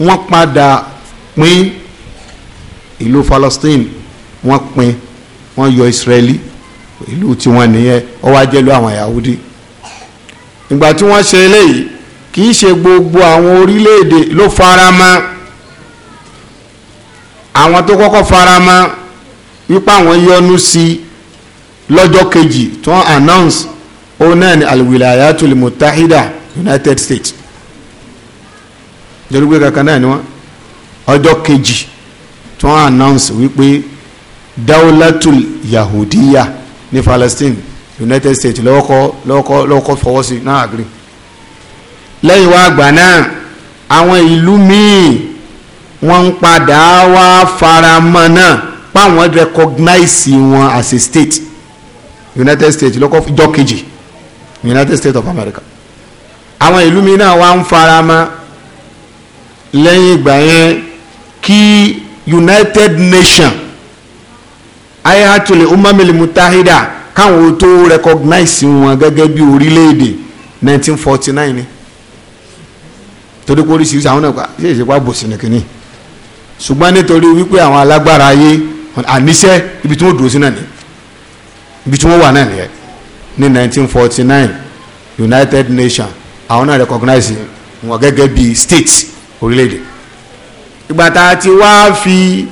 wọ́n padà pín ìlú Palestine wọ́n pín wọ́n yọ Israẹli ìlú tiwọn nìyẹn ó wá jẹ́ ìlú àwọn Yahudi ìgbà tí wọ́n ṣe eléyìí kì í ṣe gbogbo àwọn orílẹ̀-èdè ló fara mọ́ àwọn tó kọ́kọ́ fara wípé àwọn yọnu sí lọ́jọ́ kejì tí wọ́n announce òun alwilayatul mutahida United States jẹ́rú pé kankan náà ni wọ́n ọjọ́ kejì tí wọ́n announce wípé dawlatul yahudiya ni Palestine United States lọ́kọ́ lọ́kọ́ lọ́kọ́ fọwọ́ sí náà àgbèrè lẹ́yìn wá àgbà náà àwọn ìlú míì wọ́n ń padà wá faramọ́ náà páwọn recognize wọn as a state United States lọ́kọ́ ìjọ kejì United States of America àwọn ìlú míì náà wá ń faramọ́ lẹ́yìn ìgbà yẹn kí United Nations ayatul umamil mutahida káwọn tó recognize wọn gẹ́gẹ́ bí orílẹ̀-èdè 1949 ni torí pé oríṣiríṣi àwọn náà ṣe ìṣèpá bòsínì kìíní ṣùgbọ́n nítorí wípé àwọn alágbára ayé àníṣẹ́ ibi tí wọ́n dúró sí náà ni ibi tí wọ́n wà náà ni ní 1949 United Nations àwọn náà recognize wọn gẹ́gẹ́ bí state orílẹ̀-èdè ìgbà tá a fi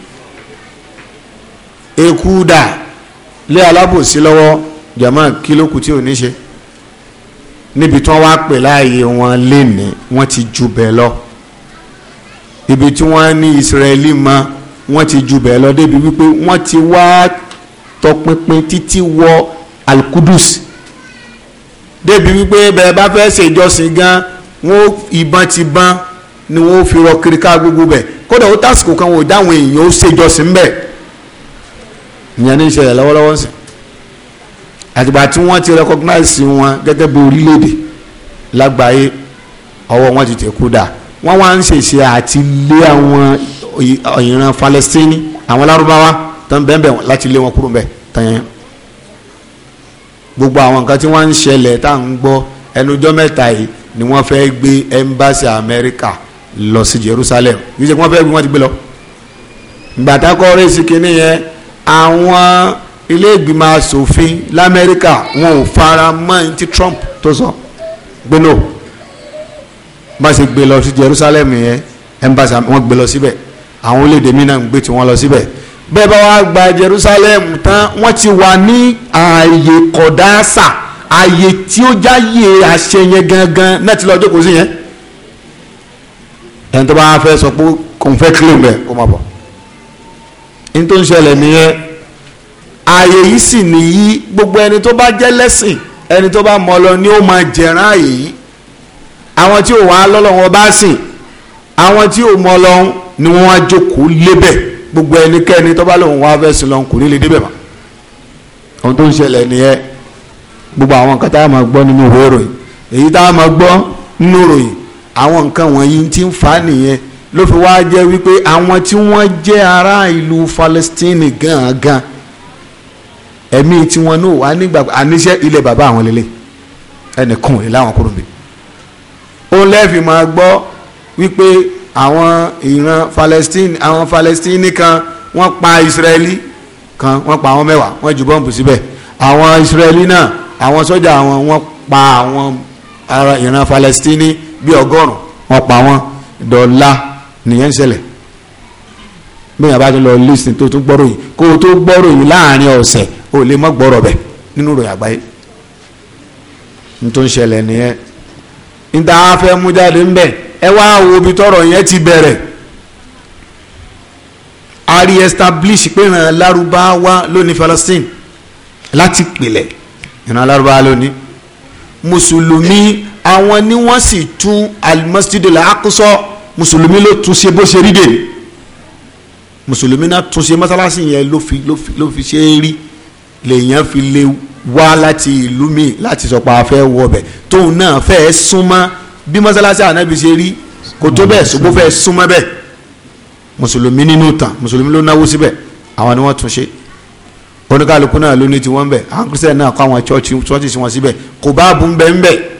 eku da lé alábòsí lọ́wọ́ jama kílókù tí ò ní ṣe níbi tí wọ́n wá pè láàyè wọn lénìí wọ́n ti ju bẹ́ẹ̀ lọ ibi tí wọ́n ní Israẹli ma wọ́n ti ju bẹ́ẹ̀ lọ débi wípé wọ́n ti wá tọpinpin títí wọ alkudus débi wípé bẹ́ẹ̀ bá fẹ́ ṣèjọsìn gan wọn ìbọn ti ban ni wọn fi rọ kiri ká gbogbo bẹ̀ kódà ó tásìkò kan wò dáwọn èèyàn ó ṣèjọsìn bẹ́ẹ̀ ìyẹn ní ìṣẹ̀lẹ̀ lọ́wọ́lọ́wọ́ sí àtìgbà tí wọ́n ti recognize wọn gẹ́gẹ́ bí orílẹ̀-èdè lágbàáyé ọwọ́ wọn ti tẹ̀ kú dà wọ́n wá ń ṣèṣe àti lé àwọn ìran Falẹ́sítínì àwọn lárúbáwá tán bẹ́ẹ̀ láti lé wọn kúrò bẹ́ẹ̀ tán gbogbo àwọn nǹkan tí wọ́n ń ṣẹlẹ̀ tá à ń gbọ́ ẹnujọ́ mẹ́ta yìí ni wọ́n fẹ́ gbé ẹ́mbáṣì Amẹ́ríkà lọ sí Jerusalem yìí ṣe kí wọ́n fẹ́ gbé wọ́n ti gbé lọ gbàtà kọ́ àwọn ilé ìgbìmọ̀ asòfin lamẹ́ríkà wọn ò fara mọ́ ti Trump tó sọ gbé lò bá ṣe gbé lọ sí Jerusalem yẹn embassy wọn gbé lọ síbẹ̀ àwọn orílẹ̀-èdè mìíràn ń gbé tiwọn lọ síbẹ̀ bẹ́ẹ̀ bá wàá gba Jerusalem tán wọ́n ti wà ní ààyè kọ̀dáṣà ààyè tí ó jáyè àṣẹ yẹn gangan náà ti lọ jókòó sí yẹn ẹni tó bá fẹ́ sọ pé kò ń fẹ́ kílò ń bẹ̀ kó má bọ̀ ní tó ń ṣẹlẹ̀ nìyẹn ààyè yìí sì nìyí gbogbo ẹni tó bá jẹ́ lẹ́sìn ẹni tó bá mọ lọ ni ó máa jẹ̀rán ààyè yìí àwọn tí ò wá lọ́lọ́wọ́ bá sìn àwọn tí ò mọ lọ́hún ni wọ́n á jókòó lébẹ̀ gbogbo ẹnikẹ́ni tó bá lòun wá fẹ́ sìn lọ́hún kò ní lè débẹ̀ mọ́ ohun tó ń ṣẹlẹ̀ nìyẹn gbogbo àwọn nǹkan tá a máa gbọ́ nínú ìwé ìròyìn èyí tá a máa gbọ́ nínú ìròyìn àwọn nǹkan wọ̀nyí ti ń fà á nìyẹn ló fi wá jẹ́ wípé àwọn tí wọ́n jẹ́ ará ìlú Palestine gangan ẹ̀mí tiwọn náà wà nígbà àníṣe ilẹ̀ bàbá àwọn lélẹ̀ ẹnìkan ò lè láwọn kúrò mi ó lẹ́ẹ̀fì máa gbọ́ wípé àwọn ìran Palestine àwọn Palestine kan wọ́n pa Israeli kan wọ́n pa àwọn mẹ́wàá wọ́n ju bọ́ǹbù síbẹ̀ àwọn Israeli náà àwọn sọ́jà àwọn wọ́n pa àwọn ìran Palestine bíi ọgọ́rùn-ún wọ́n pa wọ́n dọ́là nìyẹn ń ṣẹlẹ̀ bí yàrá tó lọ lísìn tó tún gbọ́rọ̀ yìí kó o tó gbọ́rọ̀ yìí láàrin ọ̀sẹ̀ o lè mọ́ gbọ́rọ̀ bẹ̀ nínú ìròyìn àgbáyé n tó ń ṣẹlẹ̀ nìyẹn n ta fẹ́ mú jáde ń bẹ̀ ẹ wá wo ibi tọ́rọ̀ yẹn ti bẹ̀rẹ̀ a rí establish pé ìran lárúbáwá ló ní láti pìlẹ̀ ìran lárúbáwá ló mùsùlùmí àwọn ni wọ́n sì tún al-Masjid al mùsùlùmí ló tún ṣe bó ṣe rí dèrè mùsùlùmí náà tún ṣe mọ́sálásí yẹn ló fi ló fi ló fi ṣe é rí lèèyàn fi lè wá láti ìlú mi láti sọ pé a wọ ọbẹ̀ tóun náà fẹ́ súnmọ́ bí mọ́sálásí ànábì ṣe rí kò tó bẹ́ẹ̀ ṣùgbọ́n fẹ́ súnmọ́ bẹ́ẹ̀ mùsùlùmí nínú tàn mùsùlùmí ló náwó síbẹ̀ àwọn ni wọ́n tún ṣe oníkàlùkù náà ló ní tiwọn bẹ̀ àwọn kristian náà kọ́ àwọn chọ́ọ̀chì sí wọn síbẹ̀ kò bá bùn bẹ́ẹ̀ ń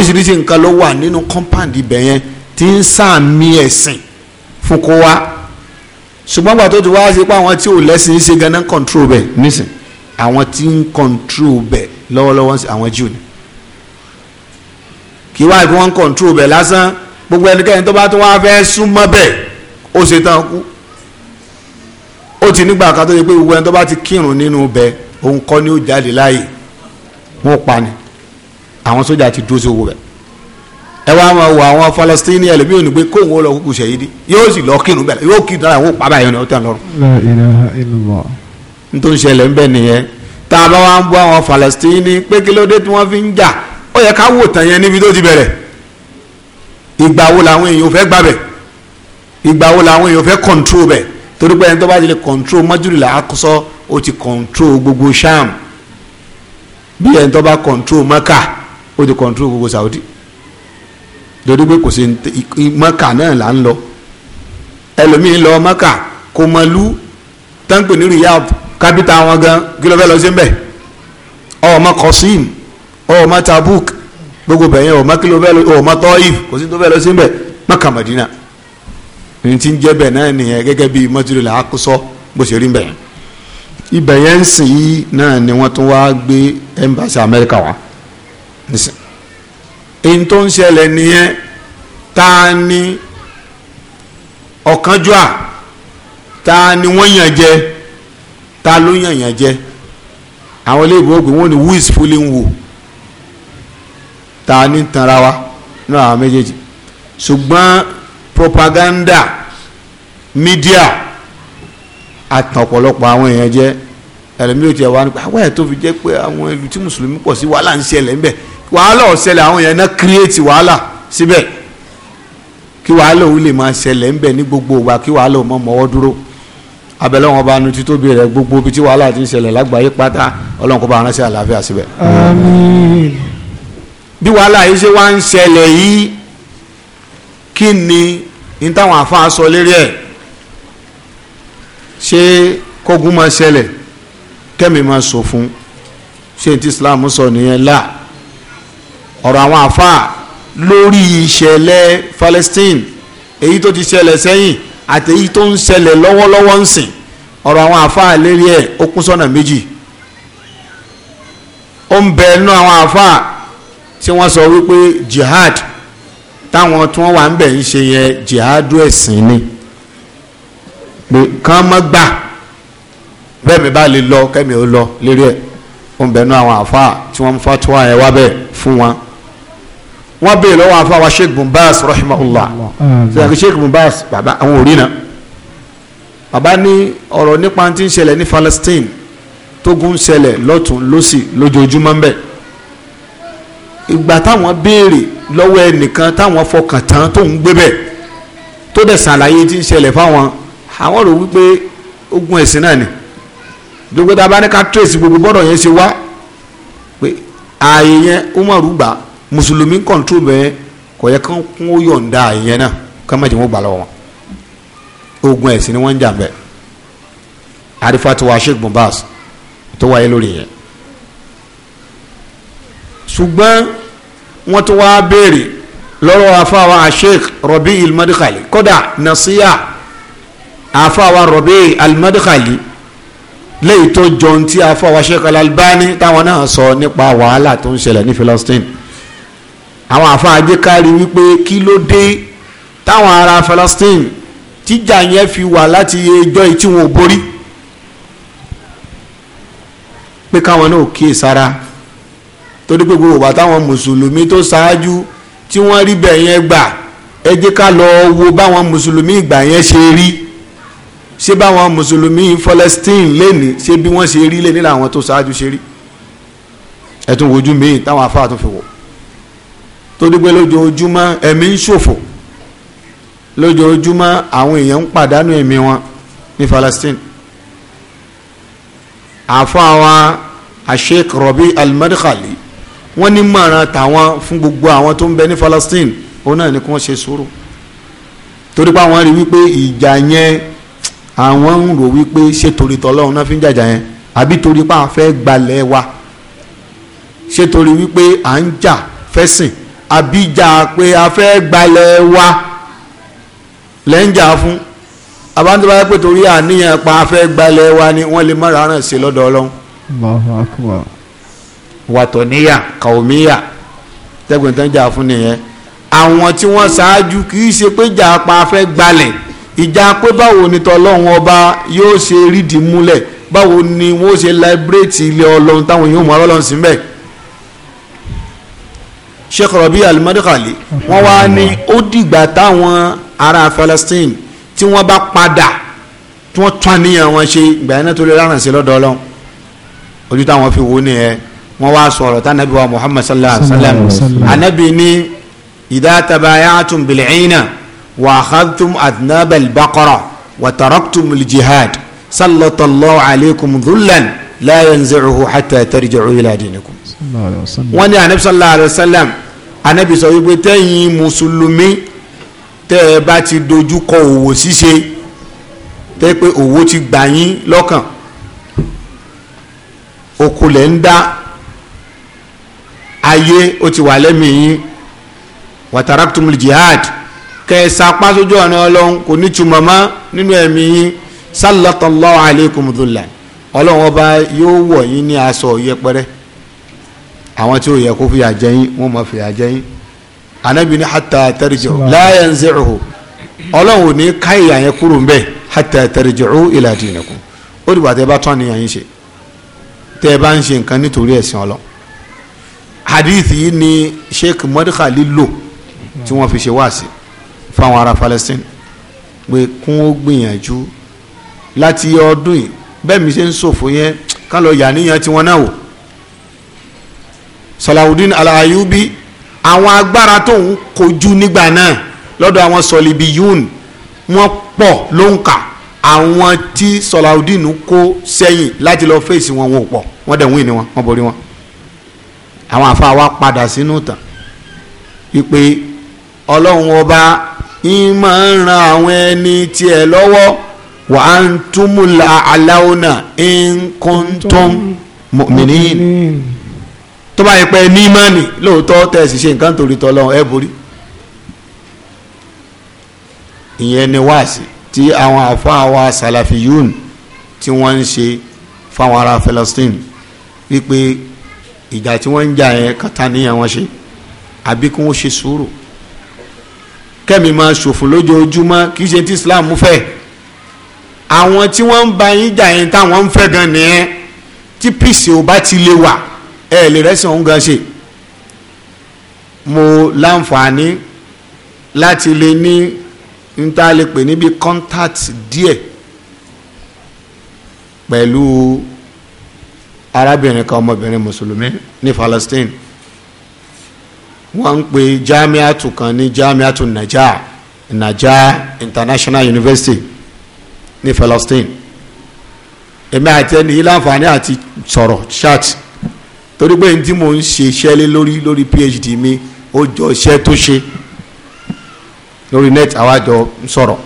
oríṣiríṣi nǹkan ló wà nínú compound ibẹ̀ yẹn tí ń sàmì ẹ̀sìn fún kó wá ṣùgbọ́n gbà tó ti wá sí pé àwọn tí ò lẹ́sìn ṣe ganan control bẹ̀ nísìn àwọn tí ń control bẹ̀ lọ́wọ́lọ́wọ́ àwọn Júù ni kí wáyé kí wọ́n ń control bẹ̀ lásán gbogbo ẹnikẹ́ni tó bá tún wá fẹ́ súnmọ́ bẹ̀ ó ṣe tán kú ó ti nígbà kan tó yẹ pé gbogbo ẹni tó bá ti kírun nínú bẹ̀ òun kọ́ ni ó jáde láàyè wọ́n pa ni àwọn sójà ti dúró sí owó rẹ̀ ẹ wá máa wọ àwọn falastini ẹlẹmi ò ní pé kóun ó lọ kúkú ṣèyídì yóò sì lọ kírun bẹ̀rẹ̀ yóò kí dára àwọn pàbá yẹn ní ọtí àlọ́run. n tó ń ṣẹlẹ̀ ń bẹ̀ nìyẹn tá a bá wá ń bọ́ àwọn falastini pé kí ló dé tí wọ́n fi ń jà ó yẹ ká wò tán yẹn níbi tó ti bẹ̀rẹ̀ ìgbà wo làwọn èèyàn fẹ́ gbàbẹ̀ ìgbà wo làwọn èèyàn fẹ́ kọ̀ǹtró bẹ̀ torí pé ẹni tó bá ti ó ti kọ̀ǹtró gbogbo Saudi torí pé kò sí mọ́kà náà là ń lọ ẹlòmíín lọ mọ́kà kò mọ lú táǹpì ní Riyadh kápítà wọn gan kí ló fẹ́ lọ sí ń bẹ̀ ọmọ Qasim ọmọ Tabuk gbogbo bẹ̀yẹn ọmọ kí ló fẹ́ lọ ọmọ Taif kò sí tó fẹ́ lọ sí ń bẹ̀ Madina ní ti ń jẹ́ bẹ̀ náà nìyẹn gẹ́gẹ́ bí mọ́tìrì là á kó sọ bó ṣe rí bẹ̀yẹn ibẹ̀ yẹn ń sìn yìí náà ni wọ́n tún wá gbé ẹ̀mbàṣà Amẹ́ríkà wá n tó ń ṣẹlẹ̀ nìyẹn ta ni ọ̀kánjúà ta ni wọ́n yàn jẹ ta ló yàn yàn jẹ àwọn iléèbó ògbìn wọn ni who is fooling who ta ni tanra wa ní àwọn méjèèjì ṣùgbọ́n propaganda media àtàn ọ̀pọ̀lọpọ̀ àwọn èèyàn jẹ ẹlẹ́mìí ò tiẹ̀ wá nípa àwọn ẹ̀ tó fi jẹ́ pé àwọn ìlú tí mùsùlùmí pọ̀ sí wàhálà ń ṣẹlẹ̀ ńbẹ̀ wàhálà ọ̀sẹ̀lẹ̀ àwọn yẹn náà kírẹ́ẹ̀tì wàhálà síbẹ̀ kí wàhálà òun lè máa ṣẹlẹ̀ ńbẹ̀ ní gbogbo ìgbà kí wàhálà òun mọ̀ mọ́wọ́ dúró abẹ́lẹ́ wọn bá nu títóbi rẹ̀ gbogbo ibi tí wàhálà ti ń ṣẹlẹ̀ lágbàáyé pátá ọlọ́run kó bá ránṣẹ́ àlàáfíà síbẹ̀. àmín. bí wàhálà yìí ṣe wá ń ṣẹlẹ̀ yìí kí ni ní táwọn àfáà sọ lérí ẹ̀ ṣé kógun máa ṣẹlẹ̀ kẹ́mi máa sọ fún ṣé ti Islam sọ nìyẹn láà ọ̀rọ̀ àwọn àfáà lórí ìṣẹ̀lẹ̀ Palestine èyí tó ti ṣẹlẹ̀ sẹ́yìn àti èyí tó ń ṣẹlẹ̀ lọ́wọ́lọ́wọ́ ń sìn ọ̀rọ̀ àwọn àfáà lérí ẹ̀ ó kún sọ́nà méjì ó ń bẹ nínú àwọn àfáà tí wọ́n sọ wípé jihad táwọn tí wọ́n wà ń bẹ̀ ń ṣe yẹn jihadu ẹ̀sìn ni pé kán mọ́ gbà bẹ́ẹ̀ mi bá lè lọ kẹ́mi ó lọ lérí ẹ̀ ó ń bẹ nínú àwọn àfáà tí wọ́n ń fatuwa ẹ̀ wá bẹ́ẹ̀ fún wọn wọ́n bèèrè lọ́wọ́ afọ àwọn sheikh bumbas rahimahullah sèkè sheikh bumbas baba àwọn òrìnà baba ní ọ̀rọ̀ nípa tí ń ṣẹlẹ̀ ní Palestine tógun ṣẹlẹ̀ lọ́tún lọ́sì lójoojúmọ́ ńbẹ̀ ìgbà táwọn béèrè lọ́wọ́ ẹnìkan táwọn fọkàn tán tó ń gbé bẹ̀ tó dẹ̀ ṣàlàyé tí ń ṣẹlẹ̀ fáwọn àwọn rò wípé ogun ẹ̀sìn náà ni dókítà bá ní ká trace gbogbo bọ́dọ̀ yẹn ṣe wá pé ààyè yẹn ó mọ̀ rúgbàá mùsùlùmí kọ̀ǹtúrò bẹ́ẹ̀ kò yẹ kó kún ó yọ̀ǹda ìyẹn náà kó má jẹ́ wọ́n gbà lọ́wọ́ wọn ogun ẹ̀sìn ni wọ́n ń jà bẹ́ẹ̀ wa sheikh bombas tó wáyé lórí yẹn wa wọ́n tó wá béèrè lọ́rọ̀ afáwa sheikh Rabi al-Madkhali nasiya afáwa Rabi al-Madkhali tó jọ ti afáwa sheikh al-Albani táwọn náà sọ nípa wàhálà tó ń ṣẹlẹ̀ ní Palestine àwọn àfáàjẹ kárí wípé kí ló dé táwọn ará Palestine tíjà yẹn fi wà láti ẹjọ́ yìí tí wọn ò borí pé káwọn náà kíyè sára torí pé gbogbo wà táwọn mùsùlùmí tó ṣáájú tí wọ́n rí bẹ̀ yẹn gbà ẹ jẹ́ ká lọ wo báwọn mùsùlùmí ìgbà yẹn ṣe rí ṣé báwọn mùsùlùmí Palestine lẹ́ni ṣé bí wọ́n ṣe rí lẹ́ni làwọn tó ṣáájú ṣe rí ẹ wojú mi táwọn afáà tún fi wọ̀ torí pé lójoojúmọ́ ẹ̀mí ń ṣòfò lójoojúmọ́ àwọn èèyàn ń pàdánù ẹ̀mí wọn ní Palestine àfáà wa Sheikh Rabi al-Madkhali wọ́n ní mọ̀ràn tàwọn fún gbogbo àwọn tó ń bẹ ní Palestine òun náà ni kí wọ́n ṣe sùúrù torí pé àwọn rí wípé ìjà yẹn àwọn ń rò wípé ṣé torí tọ́lọ́run náà fi ń jàjà yẹn àbí torí pé a fẹ́ gbalẹ̀ wa ṣé torí wípé à ń jà fẹ́sìn àbíjà pé a fẹ́ gbalẹ̀ wa lẹ́ńjà fún abáńtọ́ba yẹ pé torí àníyàn pa a fẹ́ gbalẹ̀ wa ni wọ́n lè má rárán sí lọ́dọ̀ ọlọ́run. wàtọ̀níyà kàómíyà tẹ́gbọ̀n tán jà fún nìyẹn àwọn tí wọ́n ṣáájú kì í ṣe pé jà pa a fẹ́ gbalẹ̀ ìjà pé báwo ni tọ́lọ́run ọba yóò ṣe rídìí múlẹ̀ báwo ni wọ́n ṣe láìbírèètì ilé ọlọ́run táwọn yóò mú ọlọ́run sí mẹ́ẹ̀ sheikh rabi al-madkhali wọ́n wá ní ó dìgbà táwọn ará Palestine tí wọ́n bá padà tí wọ́n tún àníyàn wọn ṣe ìgbà yẹn tó lè ránà sí lọ́dọ̀ Ọlọ́run ojú táwọn fi wò ni ẹ wọ́n wá sọ̀rọ̀ tánàbí wa Muhammad sallallahu alayhi wa sallam anabi ni idha tabayatum wa akhadtum adnab al wa taraktum jihad sallallahu alaykum dhullan la yanzi'uhu hatta tarji'u ila dinikum. wọ́n ní anabi sallallahu alayhi wa sallam anabi sọ wípé tẹ́yìn mùsùlùmí tẹ́ ẹ bá ti dojú kọ òwò ṣíṣe tẹ́ pé òwò ti gbà yín lọ́kàn òkùlẹ̀ ń dá ayé ó ti wà lẹ́mìí yín jihad kẹsà pásójú ọ̀nà ọlọ́run kò ní túmọ̀ mọ́ nínú ẹ̀mí yín sallallahu alaykum dhullan ọlọ́run ọba yóò wọ̀ yín ní aṣọ yẹpẹrẹ àwọn tí ó yẹ kó fìyà jẹ yín wọ́n máa fìyà jẹ yín anabi ní hata tẹrìjọ láyà ń zẹ́rù ọlọ́run ò ní ká ìyà yẹn kúrò ń bẹ̀ hata tẹrìjọ ìlà dìnnìkù ó dìgbà tẹ bá tán ni àyìn ṣe tẹ bá ń ṣe nǹkan nítorí ẹ̀sìn ọlọ hadith yìí ni sheikh mọdékàlí lò tí wọ́n fi ṣe wáàsí fáwọn ará Palestine pé kún ó gbìyànjú láti ọdún yìí bẹ́ẹ̀ mi ṣe ń ṣòfò yẹn ká lọ yà níyàn tiwọn náà wò Salawudeen Al-Ayubi àwọn agbára tó ń kojú nígbà náà lọ́dọ̀ àwọn Solibiyun wọ́n pọ̀ ló ń kà àwọn tí Salawudeen kó sẹ́yìn láti lọ fèsì wọn wọn pọ̀ wọ́n dẹ̀ wíìnì wọn wọ́n borí wọn àwọn àfa wa padà sínú tàn wípé ọlọ́run ọba ń ń ran àwọn ẹni tiẹ̀ lọ́wọ́ wa antumul a'launa in kuntum mu'minin tó bá yẹ pé ní ìmánì lóòótọ́ tẹ̀sí ṣe nǹkan torí tọ́lọ́run ẹ borí ìyẹn ni wáàsí tí àwọn àfáà wa salafiyun tí wọ́n ń ṣe fáwọn ará Palestine wípé ìjà tí wọ́n ń jà yẹn kàtà níyà wọn ṣe àbí kí wọ́n ṣe sùúrù kẹ́mi máa ṣòfò lójoojúmọ́ kì í ṣe tí Islam fẹ́ẹ́ àwọn tí wọ́n ń ba yín jà yín táwọn ń fẹ́ gan nìyẹn tí píìsì ò bá ti lè wà ẹ lè rẹ́sìn òun gan ṣe mo láǹfààní láti lè ní n ta lè pè níbi contact díẹ̀ pẹ̀lú arábìnrin kan ọmọbìnrin mùsùlùmí ní Palestine wọ́n ń pe jamiatu kan ní jamiatu naja naja international university ní Palestine èmi àti ẹni yìí láǹfààní àti sọ̀rọ̀ chat torí pé ní tí mò ń ṣe iṣẹ́ lé lórí lórí PhD mi ó jọ iṣẹ́ tó ṣe lórí net àwa jọ sọ̀rọ̀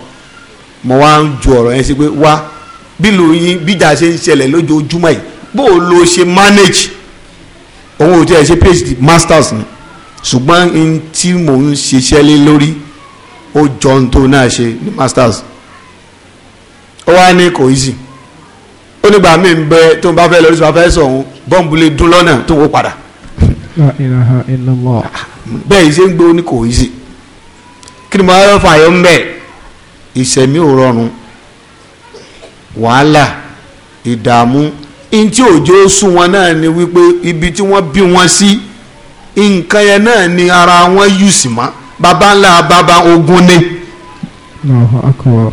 mo wá ń ju ọ̀rọ̀ yẹn sí pé wá bí lóyún bíjà ṣe ń ṣẹlẹ̀ lójoojúmọ́ yìí bó o lo ṣe manage òun ò tiẹ̀ ṣe PhD masters ni ṣùgbọ́n ní tí mò ń ṣiṣẹ́ lé lórí ó jọ ohun tó náà ṣe ní masters ó wá ní kò easy ó nígbà mí ń bẹ tó ń bá fẹ́ lọ afẹ́ sọ̀hún bọ́ǹbù lè dún lọ́nà tó ń wó padà. bẹ́ẹ̀ ṣe ń gbé ní kò easy kí ni mo rẹ́ fààyè ń bẹ̀ ìṣẹ̀mí ò rọrùn wàhálà ìdààmú ntí òjò sùn wọn náà ni wípé ibi tí wọ́n bí wọn sí nǹkan yẹn náà ni ara wọn yù sí mọ́ baba ńlá baba ogun ni. No,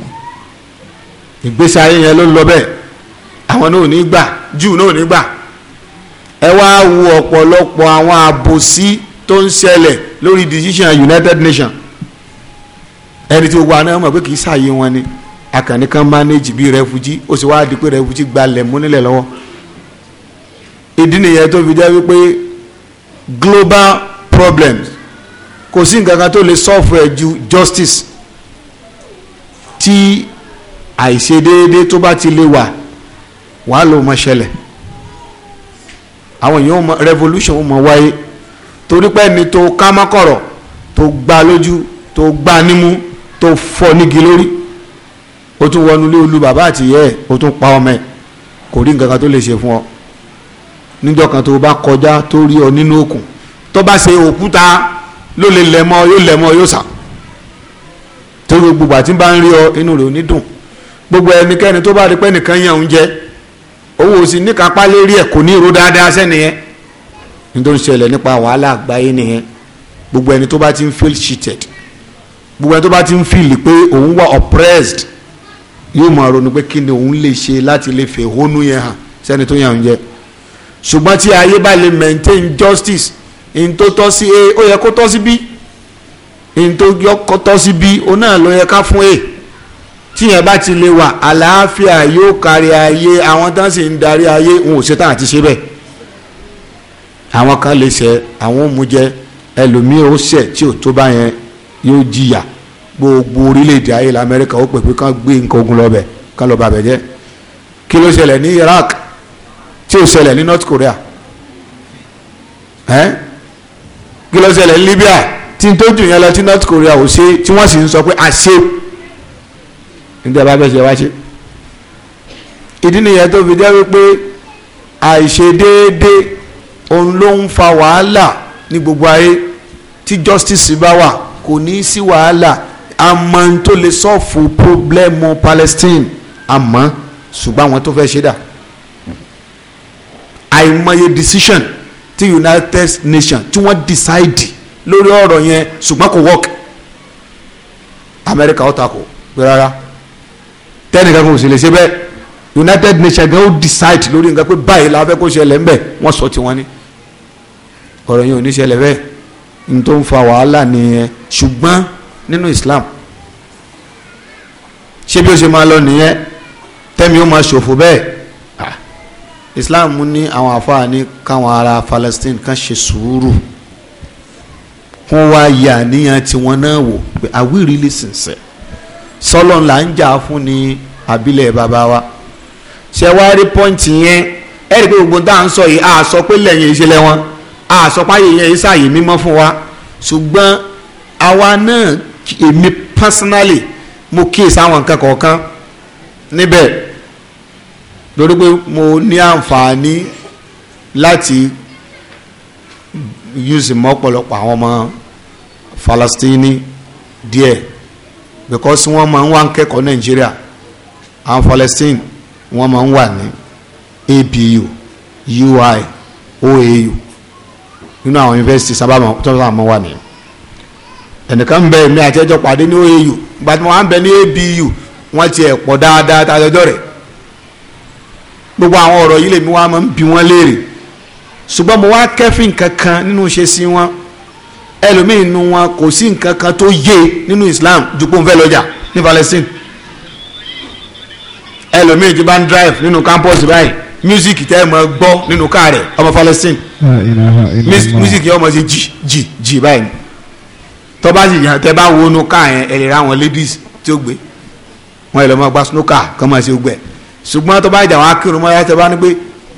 ìgbésí ayé yẹn ló ń lọ bẹ́ẹ̀ àwọn náà ò ní gbà júù náà ò ní gbà ẹ wá wo ọ̀pọ̀lọpọ̀ àwọn àbòsí tó ń ṣẹlẹ̀ lórí decision United Nations ẹni tí gbogbo àná mọ̀ pé kì í ṣàyè wọn ni akànnì kan manage bí refugee ó sì wáá di pé refugee gbalẹ̀ mú nílẹ̀ lọ́wọ́ ìdí nìyẹn tó fi jẹ́ wípé global problems kò sí nǹkan kan tó lè solve ẹ̀ ju justice tí àìṣedéédé tó bá ti lè wà wàá ló mọ ṣẹlẹ̀ àwọn èèyàn revolution ó mọ wáyé torí pé ẹni tó ká mọ́kọ̀rọ̀ tó gbá lójú tó gbá nímú tó fọ́ nígi lórí ó tún wọnú lé olú bàbá àti ìyá ẹ̀ ó tún pa ọmọ ẹ̀ kò rí nǹkan kan tó lè ṣe fún ọ níjọ́ kan tó bá kọjá tó rí ọ nínú òkun tó bá ṣe òkúta ló lè lẹ̀ mọ́ yóò lẹ̀ mọ́ yóò sà torí gbogbo àti bá ń rí ọ inú rẹ̀ ò ní dùn gbogbo ẹnikẹ́ni tó bá rí pé nìkan yàn ń jẹ owó òsì níkapá lérí ẹ̀ kò ní ìró dáadáa sẹ́niyẹn nítorí ṣẹlẹ̀ nípa wàhálà àgbáyé nìyẹn gbogbo ẹni tó bá ti ń feel cheated gbogbo ẹni tó bá ti ń feel pé òun wà oppressed yóò máa ronú pé kí ni òun lè ṣe láti lè fẹ̀hónú yẹn hàn sẹ́ni tó yàn ń jẹ ṣùgbọ́n tí ayé bá lè maintain justice in tó tọ́ sí a ó yẹ kó tọ́ sí b in tó yọ kó tọ́ sí b ó náà ló yẹ ká fún a tíyẹn bá ti lè wà àlàáfíà yóò kárí ayé àwọn tán sì ń darí ayé wọn ò ṣetán àti ṣe bẹ́ẹ̀ àwọn kan lè ṣe àwọn òmùjẹ ẹlòmíín ó ṣẹ̀ tí ò tó bá yẹn yóò jìyà gbogbo orílẹ̀-èdè ayé la Amẹ́ríkà ó pè pé kán gbé nǹkan ogun lọ bẹ̀ kán lọ bàbẹ̀ jẹ́ kí ló ṣẹlẹ̀ ní Iraq tí ò ṣẹlẹ̀ ní North Korea ẹ́ kí ló ṣẹlẹ̀ ní Libya tí n tó jù yẹn lọ sí North Korea ò ṣe tí wọ́n sì ń sọ pé àṣe níta bá fẹ́ ṣe wá ṣe ìdí nìyẹn tó fi jẹ́ wípé àìṣe òun ló ń fa wàhálà ní gbogbo ayé tí justice bá wà kò ní í sí wàhálà àmọ́ tó lè sọ́ọ̀fù pọ́blẹ́mù Palestine àmọ́ ṣùgbọ́n àwọn tó fẹ́ ṣe dà àìmọye decision ti United Nations tí wọ́n decide lórí ọ̀rọ̀ yẹn ṣùgbọ́n kò work Amẹ́ríkà ó takò pé rárá tẹ́nìkan kò sì lè ṣe bẹ́ẹ̀ United Nations gan ó decide lórí nǹkan pé báyìí la fẹ́ kó ṣẹlẹ̀ ńbẹ̀ wọ́n sọ tiwọn ni ọ̀rọ̀ yẹn ò ní ṣẹlẹ̀ bẹ́ẹ̀ n tó ń fa wàhálà nìyẹn ṣùgbọ́n nínú Islam ṣé bí ó ṣe máa lọ nìyẹn tẹ́mi ó máa ṣòfò bẹ́ẹ̀ Islam ní àwọn àfáàní káwọn ará Palestine kan ṣe sùúrù wọ́n wá yà níyàn tiwọn náà wò pé are we really sincere sọlọ́n là ń jà fún ni àbílẹ̀ bàbá wa ṣe wá rí pọ́ǹtì yẹn ẹ rí i pé gbogbo tá à ń sọ yìí a sọ pé lẹ́yìn ìṣẹ̀lẹ̀ wọn a sọ pé ayẹyẹ yìí ṣàyè mímọ́ fún wa ṣùgbọ́n àwa náà èmi personally mo kíyè sáwọn nǹkan kọ̀ọ̀kan níbẹ̀ lórí pé mo ní àǹfààní láti use mọ́ ọ̀pọ̀lọpọ̀ àwọn ọmọ Falastini díẹ̀ because wọ́n máa ń wá ń kẹ́kọ̀ọ́ nàìjíríà àwọn Palestine máa ABU UI OAU nínú àwọn yunifásitì sábà wà nìyẹn ẹnìkan ń bẹ mi àtẹjọ pàdé ní OAU gba tí wọn bẹ ní ABU wọn ti ẹ dáadáa gbogbo àwọn ọ̀rọ̀ yìí lèmi wá máa ń bi wọn léèrè ṣùgbọ́n mo wá kankan nínú ṣe sí ẹlòmíín nu wọn kò sí nǹkan kan tó yé nínú Islam ju pé òun fẹ́ lọ́jà ní Palestine ẹlòmíín ti bá ń drive nínú campus báyìí music tẹ́ ẹ máa gbọ́ nínú káà rẹ̀ ọmọ Palestine music yẹn ọmọ ṣe jì jì jì báyìí tó bá sì yàn tẹ́ bá wo inú káà yẹn ẹ lè ra àwọn ladies tí ó gbé wọn ìlọ máa gba snooker kàn máa ṣe gbẹ ṣùgbọ́n tó bá jà wọn akérò mọ́ ẹ tẹ́ bá ní pé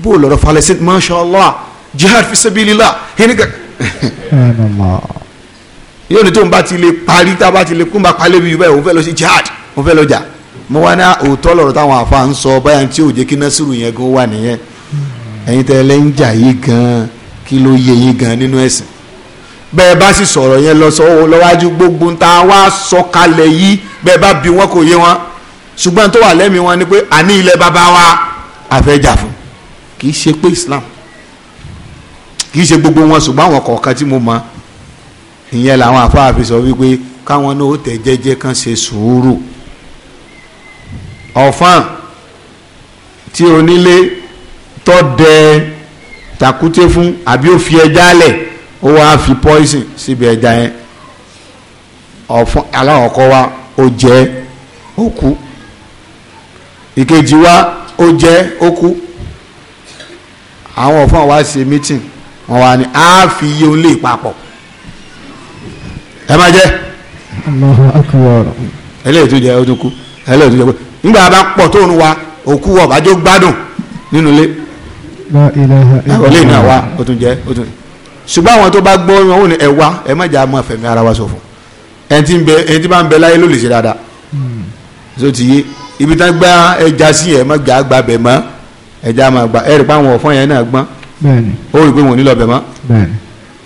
bó lọ́rọ̀ Palestine masha Allah jihad fi sabilillah hẹ́nìkan yóò ní tó ń bá ti lè parí tá a bá ti lè kún bá palẹ̀ bí báyìí òun fẹ́ lọ sí jihad òun fẹ́ lọ jà mo wá ní òótọ́ lọ́rọ̀ táwọn afa ń sọ báyà tí ò jẹ́ kí násìrù yẹn gan wà nìyẹn ẹ̀yin tẹ́ lẹ́ ń jà yìí gan kí ló yẹ yín gan nínú ẹ̀sìn bẹ́ẹ̀ bá sì sọ̀rọ̀ yẹn lọ sọ lọ́wájú gbogbo ta wá sọ kalẹ̀ yìí bẹ́ẹ̀ bá bí wọn kò yé wọn ṣùgbọ́n tó wà lẹ́mìí wọn ni pé àní ilẹ̀ bàbá wa àfẹ́jà fún kì í ṣe pé Islam kì í ṣe gbogbo wọn ṣùgbọ́n àwọn kọ̀ọ̀kan tí mo mọ ìyẹn làwọn afáàfi sọ wípé káwọn náà ó tẹ̀ jẹ́jẹ́ kan ṣe sùúrù ọ̀fàn tí onílé tọ́ dẹ tàkúté fún àbí ó fi ẹja lẹ̀ ó wá fi poison síbi ẹja yẹn ọ̀fàn aláwọ̀kọ́ wa ó jẹ ó kú ìkejì wa ó jẹ ó kú àwọn ọ̀fàn wa ṣe meeting wọn wà ní a fi iye olè papọ̀ ẹ má jẹ́ eléyìí tó jẹ ó tún kú eléyìí tó jẹ pé nígbà bá pọ̀ tó wa òkú ọ̀bájó gbádùn nínú ilé ẹ̀wọ̀n lè ní àwa ó tún jẹ ó tún ṣùgbọ́n àwọn tó bá gbọ́ wọn ò ní ẹ wá ẹ má jẹ́ àmọ́ ẹ̀fẹ̀mí ara wa ṣòfò ẹni tí bá ń bẹ láyé ló lè ṣe dáadáa tó hmm. ti yé ibi tá gbá ẹja sí ẹ má gbà gbà bẹ̀ mọ́ ẹja máa gbà ẹ̀rì pa àwọn ọ̀fọ́n yẹn náà gbọ́n ó rí i pé wọn ò ní lọ bẹ̀ mọ́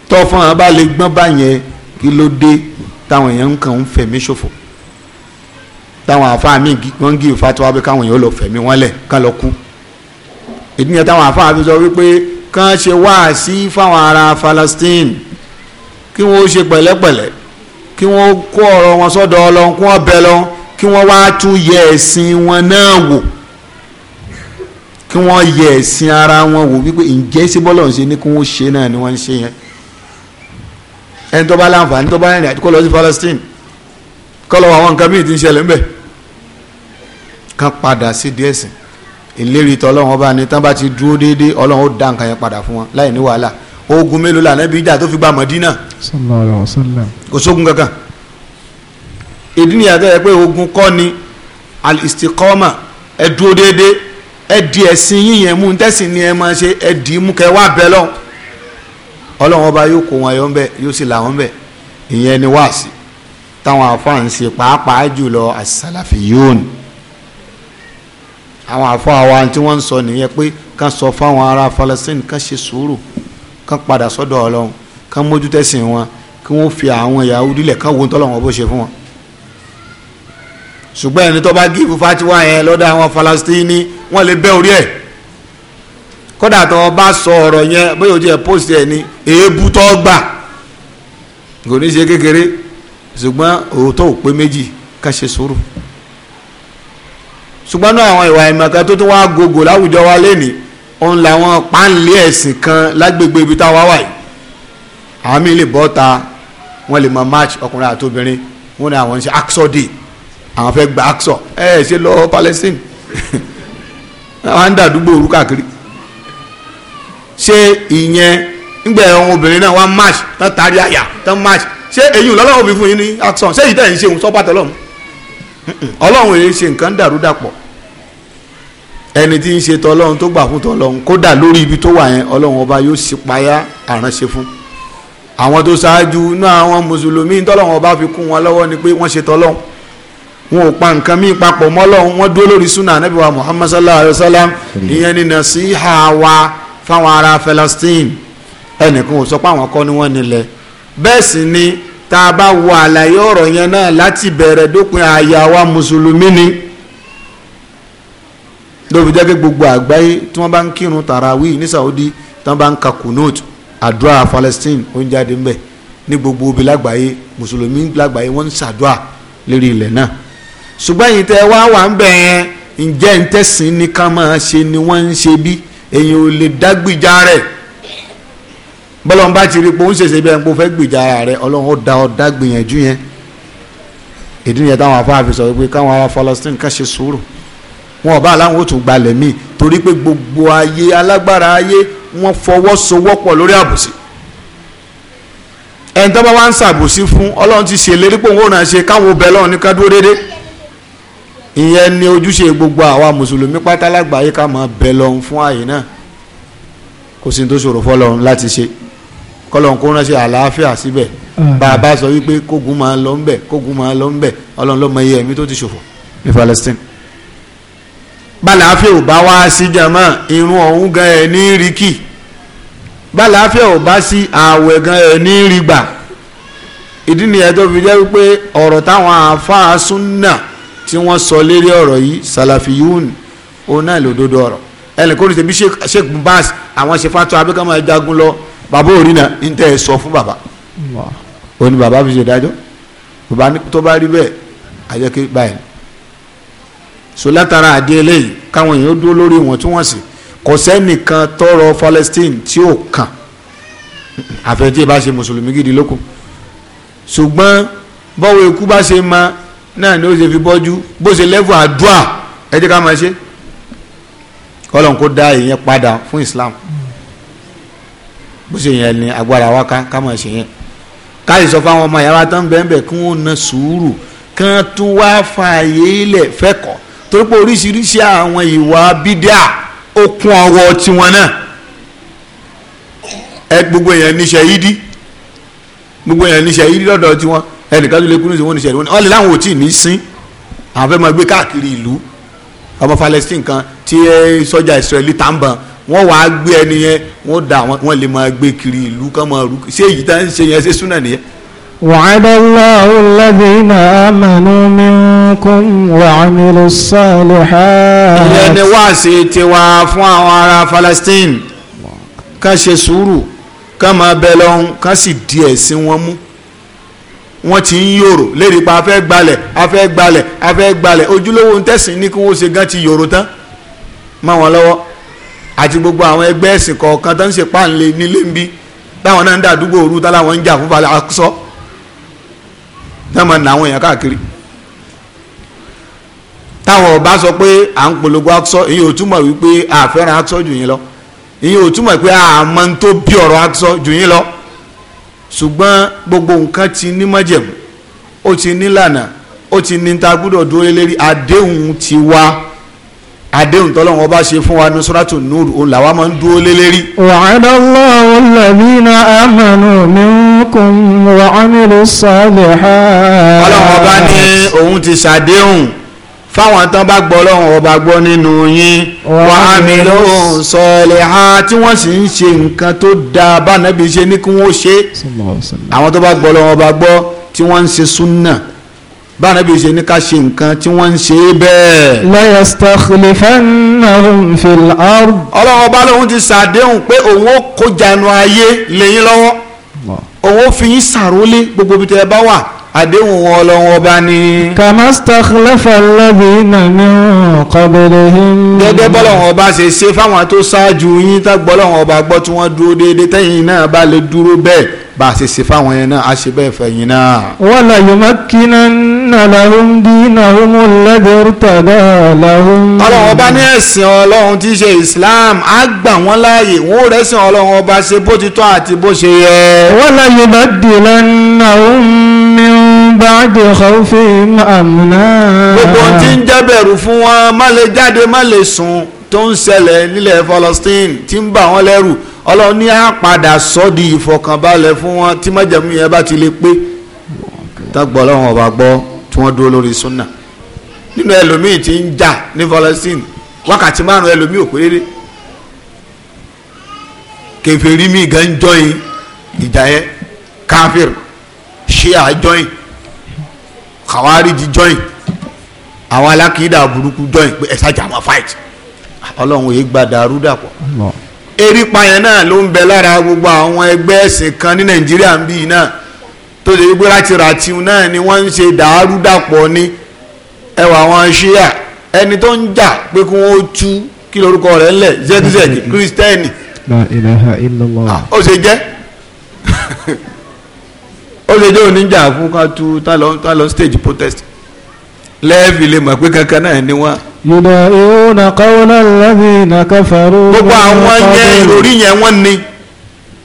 tọ́ fún wọn bá lè gbọ́n bá yẹn kí ló dé táwọn èèyàn kan ń fẹ̀mí ṣòfò táwọn àfáà mi wọ́n ń gé ìfatiwa pé káwọn èèyàn lọ fẹ̀mí wọn lẹ̀ kán lọ kú ìdí yẹn táwọn àfáà mi sọ wípé kán ṣe wáàsí fáwọn ará Palestine kí wọ́n ó ṣe pẹ̀lẹ́pẹ̀lẹ́ kí wọ́n kó ọ̀rọ̀ wọn sọ́dọ̀ ọlọ́run kí wọ́n bẹ lọ kí wọ́n wá tún yẹ ẹ̀sìn wọn náà wò kí wọ́n yẹ ẹ̀sìn ara wọn wò wípé ǹjẹ́ sí bọ́lọ̀ ń ṣe ní kí wọ́n ṣe náà ni wọ́n ń ṣe yẹn ẹni tó bá láǹfààní tó bá rìnrìn àti kó lọ sí Palestine kó lọ wọ àwọn nǹkan míì tí ń ṣẹlẹ̀ ńbẹ̀ kan padà sí díẹ̀ sìn ìlérí tọ́ ọlọ́run ọba ni tán bá ti dúró déédéé ọlọ́run ó dá nǹkan yẹn padà fún wọn láì ní wàhálà ogun mélòó là nẹ́bí ìjà tó fi gba Mọ̀dínà sallallahu alaihi wasallam kò sógun kankan ìdí nìyàtọ̀ yẹ pé ogun kọ́ ni al ẹ dúró déédéé ẹdì ẹ̀sìn yíyẹn mú tẹ́sìn ni ẹ máa ṣe ẹdì mú kẹ wá bẹ lọ́hùn ọlọ́run ọba yóò kó wọn yọ ń yóò sì là wọn ìyẹn ni wáàsí táwọn àfáà ń ṣe pàápàá jùlọ àsàlàfíyùn àwọn àfáà wa tí wọ́n ń sọ nìyẹn pé kán sọ fáwọn ará Falasíìnì kán ṣe sùúrù kán padà sọ́dọ̀ ọlọ́run kán mójútẹ́sìn wọn kí wọ́n fi àwọn Yahudi lẹ̀ kán wo tọ́lọ́wọ́n bó ṣe fún wọn ṣùgbọ́n ẹni tó bá gíìfù fatiwa yẹn lọ́dọ̀ àwọn falastini wọ́n lè bẹ́ orí ẹ̀ kódà tó bá sọ ọ̀rọ̀ yẹn bóyá o jẹ́ post ẹ̀ ní èébú tó gbà kò ní ṣe kékeré ṣùgbọ́n òótọ́ ò pé méjì ká ṣe sùúrù ṣùgbọ́n náà àwọn ìwà ìmọ̀kan tó tún wá gògò láwùjọ wa lẹ́nìí òun làwọn páńlé ẹ̀sìn kan lágbègbè ibi táwa wà yìí àmì lè bọ́ ta wọ́n lè mọ match ọkùnrin àti obìnrin wọ́n ní àwọn ń ṣe axọ́dé àwọn fẹ́ gba aksọ ẹ ẹ ṣe lọ Palestine àwọn á ń dàdúgbò òru káàkiri ṣé ìyẹn ńgbẹ ohun obìnrin náà wá march tán tari àyà tán march ṣé èyí lọ́lọ́run fi fún yín ní aksọ ṣé ìdá yìí ṣe òun sọ́pàtà ọlọ́run ọlọ́run èyí ṣe nǹkan dàrú dàpọ̀ ẹni tí ń ṣe tọlọ́run tó gbà fún tọlọ́run kódà lórí ibi tó wà yẹn ọlọ́run ọba yóò sì payá àránṣe fún àwọn tó ṣáájú náà àwọn mùsùlùmí tọlọ́run ọba fi kún wọn lọ́wọ́ ni pé wọ́n ṣe tọlọ́run wọn ò pa nǹkan míì papọ̀ mọ́lọ́hún wọ́n dúró lórí súnà ànábì wa muhammad sallallahu alayhi wa sallam ìyẹn ni nasiha wa fáwọn ará Palestine ẹnìkan ò sọ pé àwọn kọ́ ni wọ́n nílẹ̀ bẹ́ẹ̀ sì ni tá a bá wo àlàyé ọ̀rọ̀ yẹn náà láti bẹ̀rẹ̀ dópin àyà wa mùsùlùmí ni lóbi jẹ́ pé gbogbo àgbáyé tí wọ́n bá ń kírun tarawih ní Saudi tí wọ́n bá ń ka kunut àdúrà Palestine ó ń jáde ńbẹ̀ ní gbogbo obì lágbàáyé mùsùlùmí lágbàáyé wọ́n ń ṣàdúrà lérí ilẹ̀ náà ṣùgbọ́n ẹ̀yin tẹ́ wá wà ń bẹ̀ yẹn ǹjẹ́ ń tẹ̀sìn ní ká máa ṣe ni wọ́n ń ṣe bí èyàn ò lè dá gbìjà rẹ̀ bọ́lọ́n bá ti rí pé ó ń ṣèṣe bí ẹni pé ó fẹ́ gbìjà rẹ̀ ọlọ́run ó da ọ dá gbìyànjú yẹn ìdí nìyẹn táwọn afáàfin sọ pé káwọn ará Falastin kan ṣe sùúrù wọn ọba aláwọn ò tún gbalẹ̀ míì torí pé gbogbo ayé alágbára ayé wọn fọwọ́sowọ́pọ̀ lórí àbòsí ẹni tó bá wá ń ṣàbòsí fún ọlọ́run ti ṣèlérí pé òun ò náà ṣe káwọn obẹ̀ lọ́run dúró déédéé ìyẹn ni ojúṣe gbogbo àwa mùsùlùmí pátá lágbàáyé ká máa bẹ lọ́hún fún àyè náà kò sí ní tó ṣòro fọlọ́hún láti ṣe kọlọ́hún kó ránṣẹ́ àlàáfíà síbẹ̀ bàbá sọ wípé kógun máa lọ ń bẹ̀ kógun máa lọ ń bẹ̀ ọlọ́run ló mọ iye ẹ̀mí tó ti ṣòfò ní Palestine. bàlàáfíà ò bá wá sí jama irun ọ̀hún gan ẹ̀ ní ríkì bàlàáfíà ò bá sí ààwẹ̀ gan ẹ̀ ní rígbà ìdí nìyẹn tó fi jẹ́ wípé ọ̀rọ̀ táwọn àáfàá súnà tí wọ́n sọ lérí ọ̀rọ̀ yìí salafiyun òun náà lòdodo ọ̀rọ̀ ẹnì kò ní ṣe bí sheikh bass àwọn ṣe fatwa abẹ́ká máa jagun lọ bàbá òrí náà ń tẹ́ ẹ sọ fún bàbá òun ni bàbá fi ṣe dájọ́ bàbá tó bá rí bẹ́ẹ̀ àjẹkẹ́ báyìí so látara àdé eléyìí káwọn èèyàn dúró lórí wọn tí wọ́n sì kò sẹ́nìkan tọrọ Palestine tí ò kàn àfẹ́tí bá ṣe mùsùlùmí gidi lóko ṣùgbọ́n bọ́wọ́ ikú bá ṣe máa náà ni ó ṣe fi bọ́jú bó ṣe lẹ́fù àdúà ẹ jẹ́ ká máa ṣe kọ́lọ̀ kó dá ìyẹn padà fún Islam bó ṣe yẹn ni agbára wa ká ká máa ṣe yẹn káyì sọ fáwọn ọmọ ìyára tán bẹ́ẹ̀ kí wọ́n na sùúrù kan tún wá fààyè lẹ̀ fẹ́kọ̀ọ́ torí pé oríṣiríṣi àwọn ìwà bídíà ó kún ọwọ́ tiwọn náà ẹ gbogbo èèyàn níṣẹ́ yídí gbogbo èèyàn níṣẹ́ yídí lọ́dọ̀ tiwọn ẹnìkan tó lè kú ní ìsìnkú oníṣẹ́ ìwọ́n láwọn ò tí ì ní sín àwọn fẹ́ máa gbé káàkiri ìlú ọmọ Palestine kan tí sọ́jà Israeli tàǹbà wọ́n wàá gbé ẹni yẹn wọ́n dà wọ́n lè máa gbé kiri ìlú kán máa rú ṣé èyí tá ń ṣe yẹn ṣe súnà nìyẹn. وعد الله الذين آمنوا منكم وعملوا الصالحات. ìyẹn ni wáàsí tiwa fún àwọn ará Palestine ká ṣe sùúrù ká máa bẹ lọ́hún ká sì di ẹ̀sìn wọn mú wọ́n ti ń yòrò lérí pa afẹ́ gbalẹ̀ afẹ́ gbalẹ̀ afẹ́ gbalẹ̀ ojúlówó ń tẹ̀sìn ní kí wọ́n ṣe gan ti yòrò tán mọ́ wọn lọ́wọ́ àti gbogbo àwọn ẹgbẹ́ ẹ̀sìn kọ̀ọ̀kan tó ń ṣe páàlè nílé ń bí táwọn náà ń dà àdúgbò òru táwọn ń jà fún balẹ̀ àkúsọ́ náà máa nà káàkiri táwọn ọba sọ pé à ń polongo àkúsọ́ èyí ò túmọ̀ wípé àfẹ́ràn àkúsọ́ jù yín lọ ṣùgbọ́n gbogbo nǹkan ti ní májẹ̀mú ó ti nílànà ó ti ní ta gbúdọ̀ dúró lérí àdéhùn ti wá àdéhùn tọ́lọ́run ọba ṣe fún wa ní suratu nur òun làwa máa ń dúró lé lérí. wa'ada Allahu alladhina amanu minkum wa 'amilu s-salihati. ọlọ́run ọba ní òun ti ṣàdéhùn fáwọn tán bá gbọ́ lọ́wọ́ ọba gbọ́ nínú yín wa amilu salihat tí wọ́n sì ń ṣe nǹkan tó dáa bánàbí ṣe ní kí wọ́n ṣe àwọn tó bá gbọ́ lọ́wọ́ ọba gbọ́ tí wọ́n ń ṣe súnà bánàbí ṣe ní ká ṣe nǹkan tí wọ́n ń ṣe bẹ́ẹ̀. la yastakhlifannahum fil ard. ọlọ́wọ́ ọba lòun ti ṣàdéhùn pé òun ó kó janu ayé lẹ́yìn lọ́wọ́ òun ó fi yín ṣàrólé gbogbo ibi tẹ́ ẹ bá wà àdéhùn wọn ọlọ́wọ́ bá ní. kàmásítàkìlẹ́fà lẹ́bí nàní kọ́bẹ̀rẹ̀hìn. gẹ́gẹ́ bọ́lọ́wọ́n ọba ṣe ṣe fáwọn tó ṣáájú yín tágbọ́lọ́wọ́n ọba gbọ́ tí wọ́n dúró déédéé tẹ́yìn náà bá lè dúró bẹ́ẹ̀ bá a ṣe ṣe fáwọn yẹn náà a ṣe bẹ́ẹ̀ fẹ̀yìn náà. wala yumakkinanna lahum dinahumul ladhi irtada lahum. ọlọ́run ọba ní ẹ̀sìn ọlọ́run tí í ṣe islam á gbà wọ́n láàyè wọ́n rẹ́sìn ọlọ́run ọba ṣe bó ti tọ́ àti bó ṣe yẹ. wala yubaddilannahum ba'di khawfihim amna. gbogbo tí ń jẹ́bẹ̀rù fún wọn má lè jáde má lè sùn tó ń ṣẹlẹ̀ nílẹ̀ Palestine tí ń bà wọ́n lẹ́rù ọlọ́run ní á padà sọ di ìfọ̀kànbalẹ̀ fún wọn tí májẹ̀mú yẹn bá ti lè pé tágbọ́ ọlọ́run ọba gbọ́ tí wọ́n dúró lórí súnà nínú ẹlòmíì tí ń jà ní Palestine wákàtí márùn ẹlòmíì ò pé dédé mi gan jọyìn ìjà yẹn káfíìr ṣíà jọyìn kàwáríjì join àwọn alákìídà burúkú join pé ẹ̀sà máa fight ọlọ́run yìí gba dàrúdàpọ̀ erípa yẹn náà ló ń bẹ lára gbogbo àwọn ẹgbẹ́ ẹ̀sìn kan ní nàìjíríà ń bí i náà tó ṣe gbé láti ràtiun náà ni wọ́n ń ṣe dàrúdàpọ̀ ní ẹwà àwọn ṣíà ẹni tó ń jà pé kí wọ́n tú kí lórúkọ rẹ̀ ńlẹ̀ zẹ́gizẹ́gi kírísítẹ́nì ó ṣe jẹ́ ó lè jẹ́ oníjà fún ká tú tá lọ stage protest lẹ́ẹ̀fì lè mọ̀ pé kankan náà ni wọ́n. yìnyín ìhùn àkọ́wọ́nà lẹ́bí nàkàfàró. gbogbo àwọn yẹn ìròrí yẹn wọ́n ni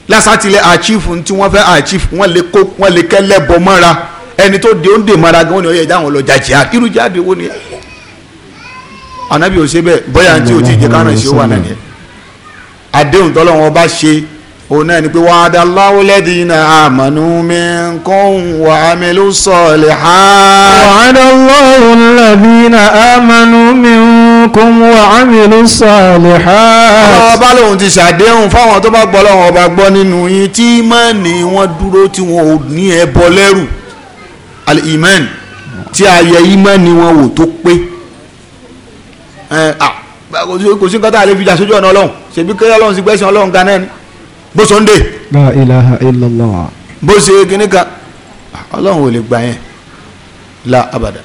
lásàtìlẹ̀ achieve tí wọ́n fẹ́ achieve wọ́n lè kó wọ́n lè kẹ́lẹ́ bọ mọ́ra ẹni tó de ó ń de mọ́ra gan ni ó yẹ dáhùn lọ jàjì á jáde wo ni. ànábì ò ṣe bẹ́ẹ̀ bóyá tí o ti jẹ kárànṣe ó wà nàní. àdéhùn tọ́lọ́wọ́n bá ṣe òun náà ni pé wa'ada Allahu alladhina amanu minkum wa amilu salihat. wa'ada Allahu alladhina amanu minkum wa amilu salihat. ọlọ́wọ́ bá lóun ti ṣàdéhùn fáwọn tó bá gbọ́ lọ́wọ́ ọba gbọ́ nínú yín tí ìmánì wọn dúró tí wọn ò ní ẹbọ lẹ́rù al-iman tí a yẹ wọn wò tó pé kò sí nǹkan tá a lè fi jà sójú ọ̀nà ọlọ́run ṣèbí kéré ọlọ́run sì gbẹ́sìn ọlọ́run gan náà ni bó sọ́ndé. la ilaha illallah. bó ṣe kíní kan ọlọ́run ò lè gbà yẹn la abada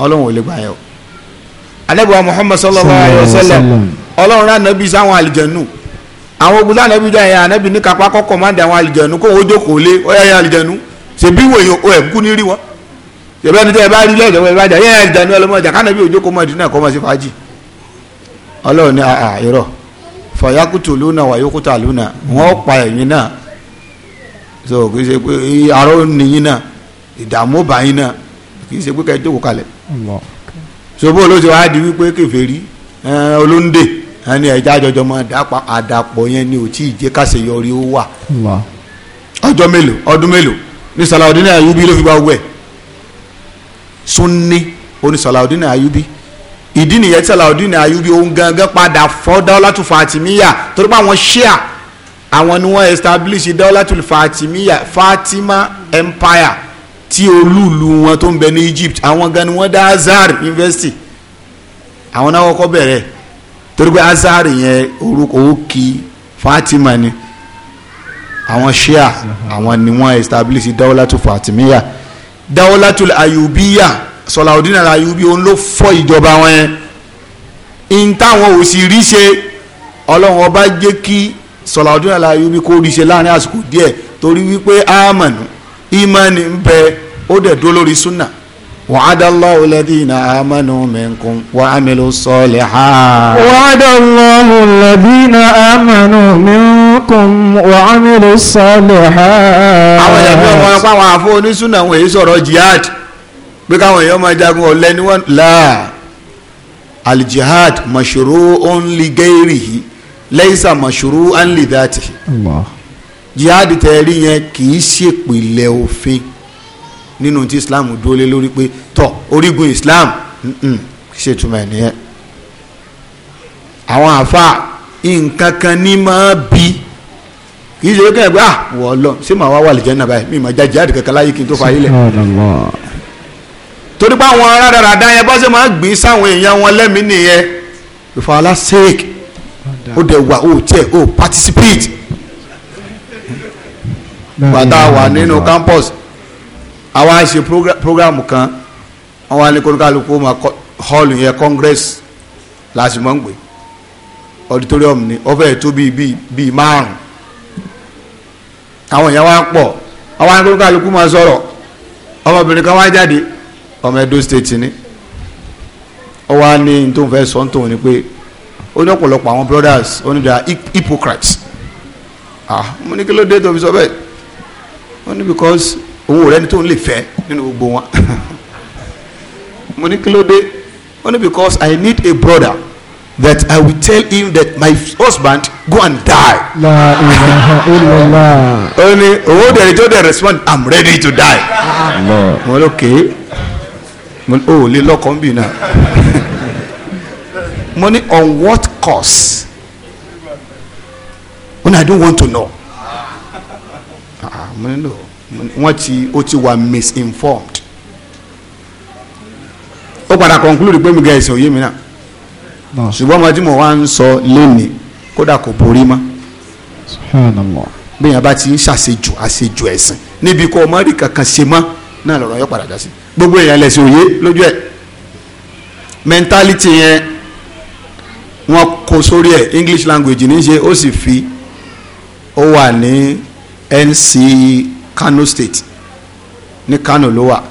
ọlọ́run ò lè gbà yẹn o. anabiwa muhammad sallallahu alayhi wa sallam ọlọ́run náà nàbí sáwọn àlìjẹ̀nù àwọn ogun sáà nàbí jẹ́ ànábì ní kápá kọ́kọ́ máa ń da àwọn àlìjẹ̀nù kó wọ́n jókòó lé ọ̀yà yẹn àlìjẹ̀nù ṣèbí wòye o ẹ̀ kú ní rí wọn ṣèbí ẹni tẹ́ ẹ bá rí lẹ́yìn ìjọba ìbàdàn yẹn àlìjẹ̀nù ọlọ́mọdé kánábì òjò kó mọ̀ kọ́ mọ̀ sí fàájì ọlọ́run ní àà fàyàkùtù lúnà wàyókùtà lúnà wọn pa ẹ̀yin náà so kì í ṣe pé arọ nìyí náà ìdààmú báyìí náà kì í ṣe pé kẹ́ẹ́ jókòó kalẹ̀ ṣòbó ló ti di wípé yẹn ni ò tí ì ó wà mélòó ọdún Ayubi ló fi gba owó sunni Ayubi ìdí nìyẹn tí aláwọ̀dún ayúbí ohun gangan padà fọ́ dáwọ́látù fatimiya torí pé àwọn ṣíà àwọn ni wọ́n establish dáwọ́látù fatimiya fatima empire tí olúùlú wọn tó ń bẹ ní Egypt àwọn gan ni wọ́n dá Azhar University àwọn náà kọ́kọ́ bẹ̀rẹ̀ torí pé Azhar yẹn orúkọ òkì fatima ni àwọn ṣíà àwọn ni wọ́n establish dáwọ́látù fatimiya dáwọ́látù ayúbíyà Salaudeen Al-Ayyubi òun ló ìjọba wọn yẹn n táwọn ò sì rí ṣe ọlọ́run ọba jẹ́ kí Salaudeen al kó rí ṣe láàrin àsìkò díẹ̀ torí wípé amanu imani ń bẹ ó dẹ̀ dó lórí sunna وعد الله الذين آمنوا منكم وعملوا الصالحات وعد الله الذين آمنوا منكم àwọn wọ̀nyí jihad pé káwọn èèyàn máa jagun ọ̀lẹ́ ni wọ́n láà aljihad mashru'un li gairihi laysa mashru'an li dhatihi jihad tẹ̀rí yẹn kì í ṣèpìlẹ̀ òfin nínú tí islam dúró lé lórí pé tọ́ orígun islam ṣètùmọ̀ ẹ̀ nìyẹn àwọn àfáà nǹkan kan ní máa bí kì í ṣe kẹ́kẹ́ pé ah wọ́ọ́ lọ ṣé màá wá wà lè jẹ́ nàbàyà mi máa jáde àdìkẹ́kẹ́ láyé kí n tó fa ayé lẹ̀ torí pé àwọn rádaràdá yẹn bá ṣe máa ń gbìn sáwọn èèyàn wọn lẹ́mìí nìyẹn for Allah's sake ó dẹ̀ wà ó tiẹ̀ ó participate bàtà wà nínú campus àwa ṣe program kan wọn wá ní kóníkàlùkù ma hall yẹn congress láti mọ̀ ń gbé auditorium ni ọfẹ́ tó bíi bíi bíi márùn àwọn èèyàn wá pọ̀ àwọn kóníkàlùkù ma sọ̀rọ̀ ọmọbìnrin kan wá jáde ọmọ Edo state ni ó wá ní tó ń fẹ́ sọ tó ń ní pé ó ní ọ̀pọ̀lọpọ̀ àwọn brothers ó ní da hypocrites ah mo ní kí ló dé tó fi sọ bẹ́ẹ̀ ó ní because òun ò rẹ́ni tó ń lè fẹ́ nínú gbogbo wọn mo ní kí ló dé ó ní because I need a brother that I will tell him that my husband go and die. La ilaha illallah. ó ní owó dẹ̀rẹ̀ tó dẹ̀ respond I'm ready to die. Ah, ah. mo lókè. Okay mo ní o ò lè lọ́kọ̀ bì náà mo ní on what course ó ní I don't want to know ah, mo ní lò wọ́n ti ó ti wà misinformed ó padà conclude pé mi ga ẹ̀sìn òye mi náà ṣùgbọ́n ọmọ tí mo wá ń sọ lénìí kódà kò borí mọ́ bí yẹn bá ti ń ṣàṣejù àṣejù ẹ̀sìn níbi kó o rí kankan ṣe mọ́ náà lọ́rọ̀ yóò padà dá sí i gbogbo èèyàn lẹ̀sìn òye lójú ẹ̀ mentality yẹn wọ́n kó sórí ẹ̀ English language ní í ṣe ó sì fi ó wà ní NC Kano State ní Kano ló wà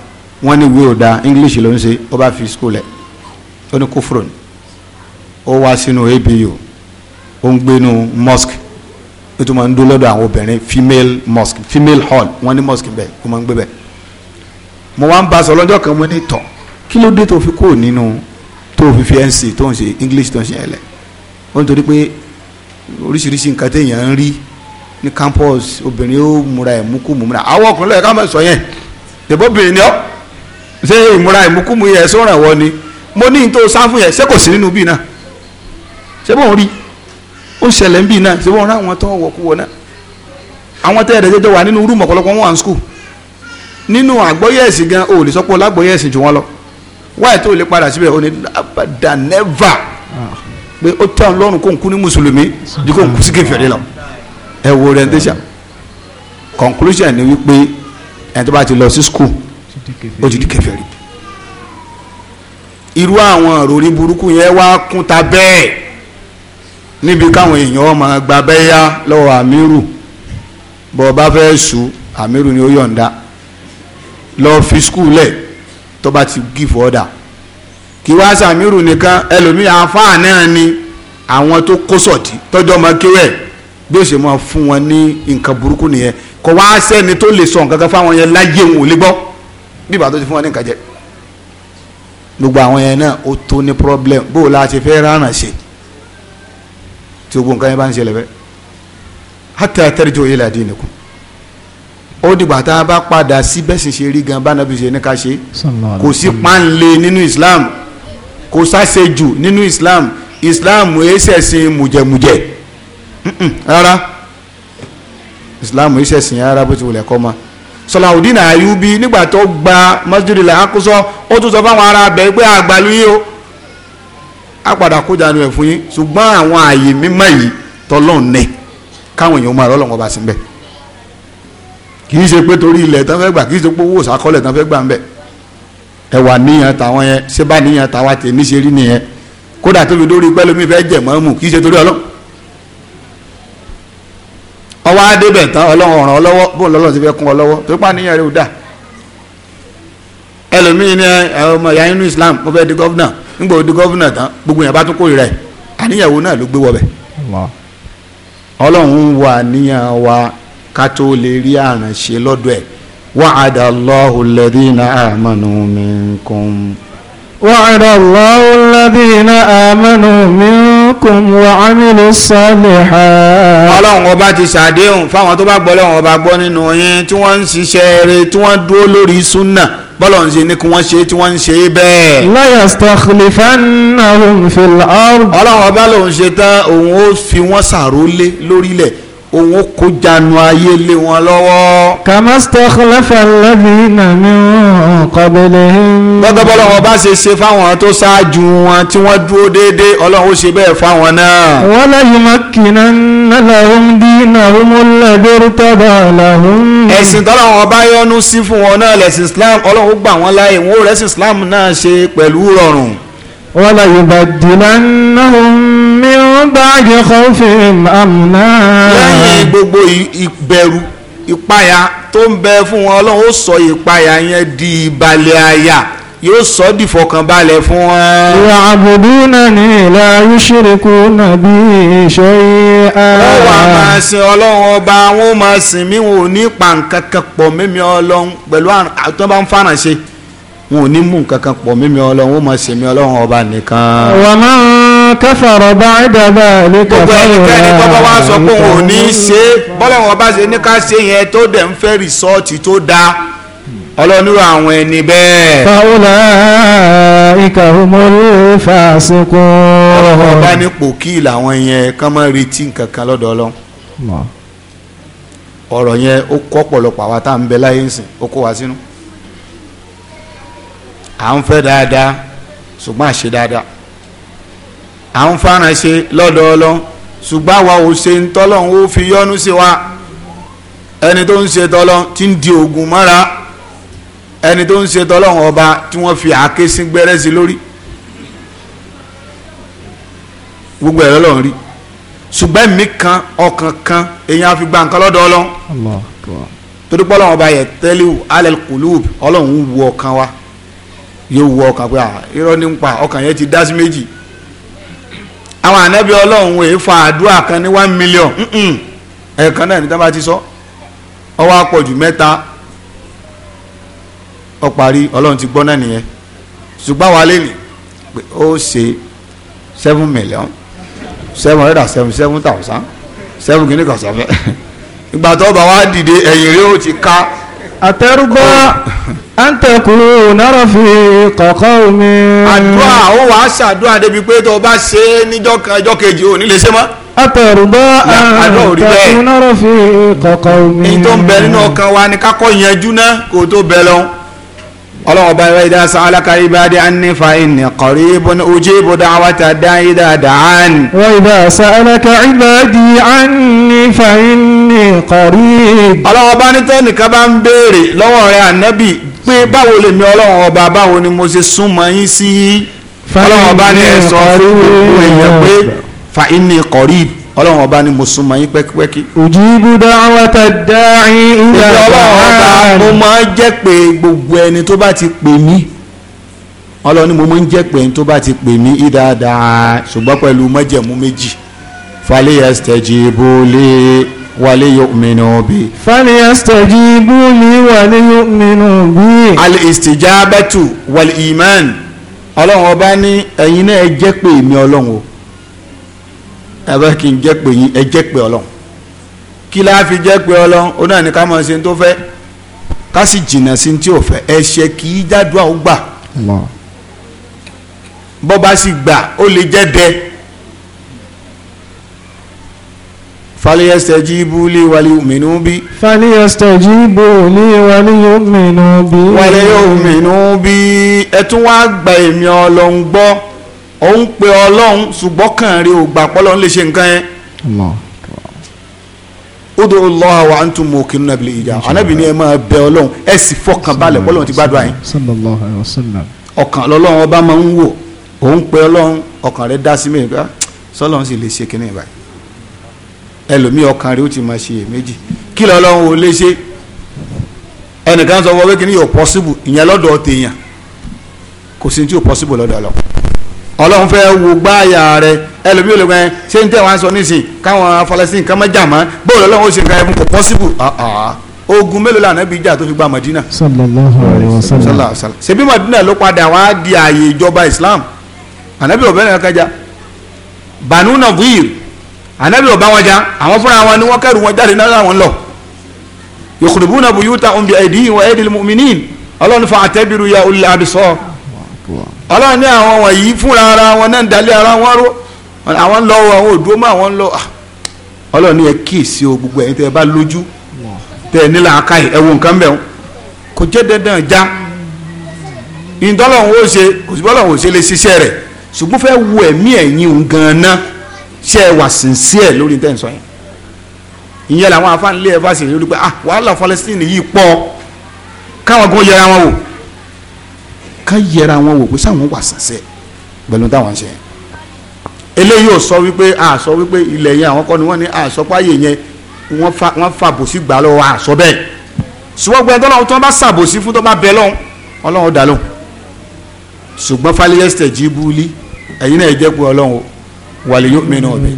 wọ́n ní ìwé òda English ló ń ṣe ó bá fi school ẹ̀ ó ní kófòrò ni ó wá sínú ABU ó ń gbénu mosque ó tún ń dúró lọ́dọ̀ àwọn obìnrin female mosque female hall wọ́n ní mosque bẹ́ẹ̀ ó máa ń gbé bẹ́ẹ̀ mo wá ń ba sọ lọ́jọ́ kan mo ní tọ̀ kí ló dé tó fi kúrò nínú tó fi fi nc tó ń ṣe english tó ń ṣe ẹlẹ ó nítorí pé oríṣiríṣi nǹkan téèyàn ń rí ní campus obìnrin ó múra ẹ̀ mú kú mú múra àwọn ọkùnrin lọ́yẹ̀ká máa sọ yẹn tẹ̀bọ́bìnrin ni ọ́ ṣé ìmúra ẹ̀ mú kú mú yẹ sọ́ràn ẹ̀wọ́ ni mo ní nítorí sáfún yẹn ṣé kò sí nínú bíi náà ṣé bọ́n rí ó ṣẹlẹ̀ ń bíi náà ṣé bọ́n rá àwọn tó wọ̀ kú wọ náà àwọn tẹ́ẹ̀rẹ́ tó wà nínú rúùmù ọ̀pọ̀lọpọ̀ wọn wà ní school nínú àgbọ́yé ẹ̀sìn gan o lè sọ pé o lágbọ́yé ẹ̀sìn jù wọ́n lọ wáyé tó lè padà síbẹ̀ o ní abada never pé ó tẹ́ àwọn lọ́rùn kó n kú ní mùsùlùmí ju kó n kú sí kèfèrí lọ ẹ wo orientation conclusion ni wípé ẹni tó bá ti lọ sí school ó ti di kèfèrí irú àwọn ìròrí burúkú yẹn wá kún ta bẹ́ẹ̀ níbi káwọn èèyàn máa gba lọ́wọ́ àmírù bọ́ bá fẹ́ sùn àmírù ni ó yọ̀ǹda lọ fi skul lẹ̀ tó bá ti give order kí wá sàmírù nìkan ẹlòmíì àáfàá náà ni àwọn tó kó sọ̀tì tọ́jọ́ ọmọ kéwẹ̀ bí ó ṣe máa fún wọn ní nǹkan burúkú nìyẹn kò wá sẹ́ni tó lè sọ nǹkan kan fáwọn yẹn láyé òun ò lè gbọ́ bí bàtọ́ ti fún wọn ní nǹkan jẹ gbogbo àwọn yẹn náà ó tó ní problem bó o la ti fẹ́ rárá ṣe tí gbogbo nǹkan yẹn bá ń ṣẹlẹ̀ bẹ́ẹ̀ hatta tarju ila dinikum ó dìgbà tá a bá padà sí bẹ́sìn ṣe rí gan bánabi ṣe ní ká ṣe kò sí pánlé nínú islam kò sáṣejù nínú islam islam ẹ̀ṣẹ̀sìn mùjẹ̀mùjẹ̀ rárá islam ẹ̀ṣẹ̀sìn rárá bó ti wùlẹ̀ kọ́ ma sọláhùdín àyùbí nígbà tó gba masjid ilẹ̀ akúsọ ó tún sọ fáwọn ará abẹ pé àgbàlú yìí o á padà kó jánu ẹ̀ fún yín ṣùgbọ́n àwọn àyè mímọ́ yìí tọ́lọ́ọ̀nẹ́ káwọn èèyàn máa rọ́lọ́wọ́ bá sí bẹ́ẹ̀ kì í ṣe pé torí ilẹ̀ tán fẹ́ gbà kì í ṣe pé owó ìsàkọ́lẹ̀ tán fẹ́ gbà ń bẹ̀ ẹwà níyàn tàwọn yẹn ṣé bá níyàn tàwa tè ní ṣe rí nìyẹn kódà tó fi dórí pẹ́ lómi fẹ́ jẹ̀ mọ́mù kì í ṣe torí ọlọ́run ọwọ́ adébẹ̀ tán ọlọ́run ràn ọ́ bóun lọ́lọ́run ti fẹ́ kún ọ tó pa níyàn rẹ ò dà ẹlòmíì ní ọmọ ìyá inú Islam mo fẹ́ di gọ́vnà nígbà ó di gọ́vnà tán gbogbo yẹn bá tún kórìíra ẹ̀ àníyàwó náà wa ká tó lè rí àrànṣe lọ́dọ̀ ẹ̀ wa'ada Allahu alladhina amanu minkum. wa'ada Allahu alladhina amanu minkum wa 'amilus salihat. ọlọ́run ọba ti ṣàdéhùn fáwọn tó bá gbọ́ lọ́wọ́n ọba gbọ́ nínú yín tí wọ́n ń ṣiṣẹ́ rere tí wọ́n dúró lórí súnà bọ́lọ̀ ń ṣe ní kí wọ́n ṣe tí wọ́n ń ṣe bẹ́ẹ̀. la yastakhlifannahum fil ard. ọlọ́run ọba lòun ṣe tán òun ó fi wọ́n ṣàrólé lórílẹ̀ òun kó janu ayé lé wọn lọ́wọ́. kamastakhlafa alladhina min qablihim. gbọ́dọ̀ bọ́lá wọn bá ṣe ṣe fáwọn tó ṣáájú wọn tí wọ́n dúró déédéé ọlọ́run ó ṣe bẹ́ẹ̀ fáwọn náà. wala yumakkinanna lahum dinahum alladhi irtada lahum. ẹ̀sìn tọ́lá wọn bá yọ́nú sí fún wọn náà lẹ̀sìn islam ọlọ́run ó ba'di khawfihim amna. lẹ́yìn gbogbo ìbẹ̀rù ìpayà tó ń bẹ fún wọn ọlọ́run ó sọ ìpayà yẹn di ìbalẹ̀ àyà yóò sọ ọ́ dìfọ̀kànbalẹ̀ fún wọn. ìwà àbùdúnà ní ìlà ayúṣẹ́rẹ́kù nàbí ìṣọ́ yìí. wọ́n wà máa ọlọ́run ọba wọn máa sìn mí wọn ò ní pa nǹkan kan pọ̀ mímí ọlọ́run pẹ̀lú àtọ́ bá ń fàràn wọn ò ní mú nǹkan kan pọ̀ mímí ọlọ́run wọn máa sìn mí ọlọ́run ọba nìkan. wà máa kẹfàrọ̀ bá ń dàbà ní kẹfàrọ̀ gbogbo ẹnikẹ́ni tọ́gbọ́ wá sọ pé òun ò ní í ṣe bọ́lá wọn bá ṣe ní ká ṣe yẹn tó dẹ̀ ń fẹ́ rìsọ́ọ̀tì tó dáa ọlọ́nirú àwọn ẹni bẹ́ẹ̀. fàwọlá ìkàhùmọ́lú fàṣẹkọ. ọlọ́wọ́ bá ní pòkì làwọn yẹn kán máa retí nǹkan kan lọ́dọ̀ ọlọ́run. ọ̀rọ̀ yẹn ó kọ́ pọ̀lọpọ̀ àwa tá à ń bẹ láyé ń sìn ó kó wa sínú. à ń fẹ́ dáadáa ṣùgbọ́n àṣe dáadáa à ń fara ṣe lọ́dọ̀ ṣùgbọ́n àwa ò ṣe ń tọ́lọ́run ó fi yọ́nú sí wa ẹni tó ń ṣe tọ́lọ́run ti ń di oògùn mọ́ra ẹni tó ń ṣe tọ́lọ́run ọba tí wọ́n fi àáké sí gbẹ́rẹ́ sí lórí gbogbo ẹ̀rọ lọ́run rí ṣùgbọ́n ẹ̀mí kan ọkàn kan èèyàn àfi gba nǹkan lọ́dọ̀ torí pé ọlọ́run ọba yẹ tẹ́lẹ̀ alẹ́ kùlùb ọlọ́run wù ọkàn wa yóò wù ọkàn pé ah, irọ́ ní ọkàn yẹn ti dá sí méjì àwọn ànábì ọlọ́run wòye fa àdúrà kan ní one million ẹ̀ẹ̀kan náà ní tábà ti sọ ọwọ́ àpọ̀jù mẹ́ta ọparí ọlọ́run ti gbọ́ náà nìyẹn ṣùgbọ́n wa lé ní pé ó ṣe seven million seven hundred and seven seven thousand seven kìíní kan sọfẹ́ ìgbà tó bá wa dìde ẹ̀yìn rí ó ti ká àtẹ́rúgbọ́ àǹtẹ̀kùnrin ònàrọ̀ fi kọ̀ọ̀kan omi. àdúrà ó wàá ṣàdúrà débi pé tó o bá ṣe é níjọ́ kan ẹjọ́ kejì ò ní lè ṣe mọ́. àtẹ̀rúgbọ́ àǹtẹ̀kùnrin ònàrọ̀ fi kọ̀ọ̀kan omi. èyí tó ń bẹ nínú ọkàn wa ni kákọ́ yanjú náà kó tó bẹ lọ. ọlọ́run ọba ìwé ìdá sàn alákàrí ìbáde àní fa ìní kọ̀rí ibùn ojú ibù dáwàtà dá ìdá dàán. wọ́n ìdá sàn alákàrí ìbáde àní fa ìní qarib. ọlọ́run ọba ní tẹ́nìkan bá ń béèrè lọ́wọ́ rẹ̀ ànábì pé báwo lèmi ọlọ́run ọba báwo ni mo ṣe súnmọ́ yín sí ọlọ́run ọba ní ẹ̀sọ́ fún gbogbo èèyàn pé fa inni qarib ọlọ́run ọba ni mo súnmọ́ yín pẹ́kípẹ́kí. ujibu da'wata da'i ìlà ọlọ́run ọba mo máa ń jẹ́ pé gbogbo ẹni tó bá ti pè mí ọlọ́run mo máa ń jẹ́ pé ẹni tó bá ti pè mí ìdáadáa ṣùgbọ́n pẹ̀lú májẹ̀mú méjì falẹ̀ yẹn ṣẹ̀jì وليؤمنوا بي فليستجيبوا لي وليؤمنوا بي الاستجابة والإيمان ọlọ́run ọba ní ẹ̀yin náà ẹ jẹ́ pé èmi ọlọ́run o ẹ̀bẹ́ kí n jẹ́ pé yín ẹ jẹ́ pé ọlọ́run kí láá fi jẹ́ pé ọlọ́run ó náà ní ká máa ṣe tó fẹ́ ká sì jìnnà sí tí ò fẹ́ ẹ̀ṣẹ̀ kì í jádùá ó gbà bọ́ bá sì gbà ó lè jẹ́ dẹ́ فليستجيبوا لي وليؤمنوا بي فليستجيبوا لي وليؤمنوا بي وليؤمنوا بي ẹ tún wá gba èmi ọlọ́run gbọ́ ó ń pe ọlọ́run ṣùgbọ́n kàn rí ògbà pọ́lọ́run lè ṣe nǹkan yẹn. ud'u Allaha wa antum muqinuna bil ijaba ànábì ni ẹ máa bẹ ọlọ́run ẹ sì fọkàn balẹ̀ pọ́lọ́run ti gbàdúrà yín. ọkàn lọ́lọ́run ọba máa ń wò ó ń pe ọlọ́run ọkàn rẹ̀ dá sí mi ẹlòmíì ọkàn rẹ ó ti máa ṣe èméjì kí lọ́lọ́run ò lè ṣe ẹnìkan sọ wọ́n pé kíní yóò possible ìyẹn lọ́dọ̀ tèèyàn kò sí ní tí yóò possible lọ́dọ̀ lọ. ọlọ́run fẹ́ wo gbáàyà rẹ ẹlòmíì ò lè gbẹ́ ṣé ní tẹ̀wọ́n sọ nísìn káwọn afọlẹ́sìn kan mẹ́jà mọ́ bóòlù ọlọ́run ó ṣe nǹkan ẹ̀fún kò possible ogun mélòó lànà bí ìjà tó fi gba Madina. sallallahu alayhi wa sallam. ṣebí Madina ló padà wá di ààyè ìjọba Islam ànábì ọ̀bẹ náà kájà Banu Nadir ànábì ò bá wọn jà àwọn fúnra wọn ni wọ́n kẹ́rù wọn jáde náà wọn lọ yukhribuna buyutahum bi aydihim wa aydil mu'minin ọlọ́run fa àtẹ́bìrú ya ulul absar ọlọ́run ní àwọn wọ̀nyí fúnra ara wọn náà dalẹ̀ ara wọn ró àwọn lọ àwọn òdúró mọ́ àwọn lọ ah! ọlọ́run ní ẹ kíyèsí o gbogbo ẹ̀yin tẹ́ ẹ bá lójú tẹ́ ẹ nílà aka yìí ẹ wo nǹkan bẹ́ẹ̀ kò jẹ́ dandan já ìdọ́lọ́run ó ṣe kò sí bọ́lọ́run ṣe é wà sincere lórí tẹ́ ń sọ yẹn ìyẹn làwọn afánilé ẹ̀fà sì rí pé ah wàhálà Palestine yìí pọ̀ káwọn kan yẹra wọn wò ká yẹra wọn wò pé sáwọn wà sincere pẹ̀lú táwọn ṣe yẹn eléyìí ò sọ wípé a sọ wípé ilẹ̀ yẹn àwọn kọ́ ni wọ́n ní àsọpáyé yẹn wọ́n fa wọ́n fa bòsí gbà lọ́wọ́ àsọ bẹ́ẹ̀ ṣùgbọ́n ẹgbẹ́ ọlọ́run tí wọ́n bá ṣàbòsí fún tó bá bẹ lọ́hùn ọlọ́run dà lóhùn ṣùgbọ́n fáliyẹ́sítẹ̀ jíbúlí ẹ̀yin náà jẹ́ pé ọlọ́run o wàlẹ̀ yóò mìíràn ọ̀bẹ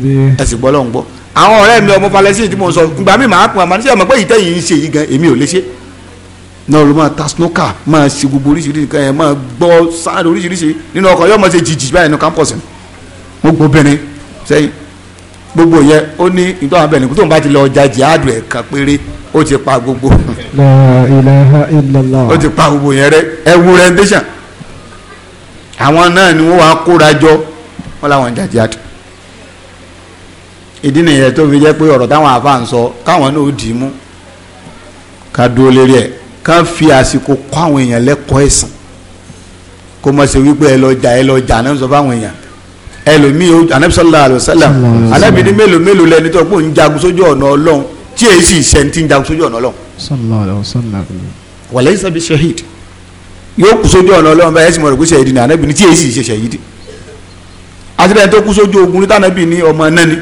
ẹ sì gbọ́ lọ́hùn gbọ́ àwọn ọ̀rẹ́ mi ọmọ palẹ́sìn tí mo sọ ìgbà mi màá pọn àmàlẹ́sìn àmọ́ pé ìtẹ̀yìn ń ṣe yìí gan èmi ò lè ṣe náà ló máa ta snooker máa ṣe gbogbo oríṣiríṣi nǹkan ẹ̀ máa gbọ́ sáré oríṣiríṣi nínú ọkọ̀ yóò máa ṣe jìjì báyìí ní campus ni mo gbọ́ bẹ̀rẹ̀ sẹ́yìn gbogbo yẹn ó ní ìtọ́ àwọn La ilaha illallah ó ti pa gbogbo yẹn rẹ ẹ wo rendition àwọn náà ni wọ́n wá kóra jọ wọ́n láwọn jajì ìdí nìyẹn tó fi jẹ́ pé ọ̀rọ̀ táwọn àfa ń sọ káwọn náà dì í mú ká dúró lérí ẹ̀ ká fi àsìkò kọ́ àwọn èèyàn lẹ́kọ̀ọ́ ẹ̀sìn kó mọ̀ sí wípé ẹ lọ jà ẹ lọ jà náà sọ fáwọn èèyàn ẹlòmíì anabisalaam alayhisalaam alábìíní mélòó mélòó lẹni tó kó ń jagun sójú ọ̀nà ọlọ́run tí èyí sì ṣe ti ń jagun ọ̀nà ọlọ́run wàlẹ́ ìsàbí ṣahid yóò kú sójú ọ̀nà ọlọ́run báyìí ẹ̀sìn mọ̀ rẹ̀ kó ṣahid ní anábìíní tí èyí sì ṣe ṣahid àti lẹ́yìn tó kú sójú ogun ní tànàbìíní ọmọ náà ni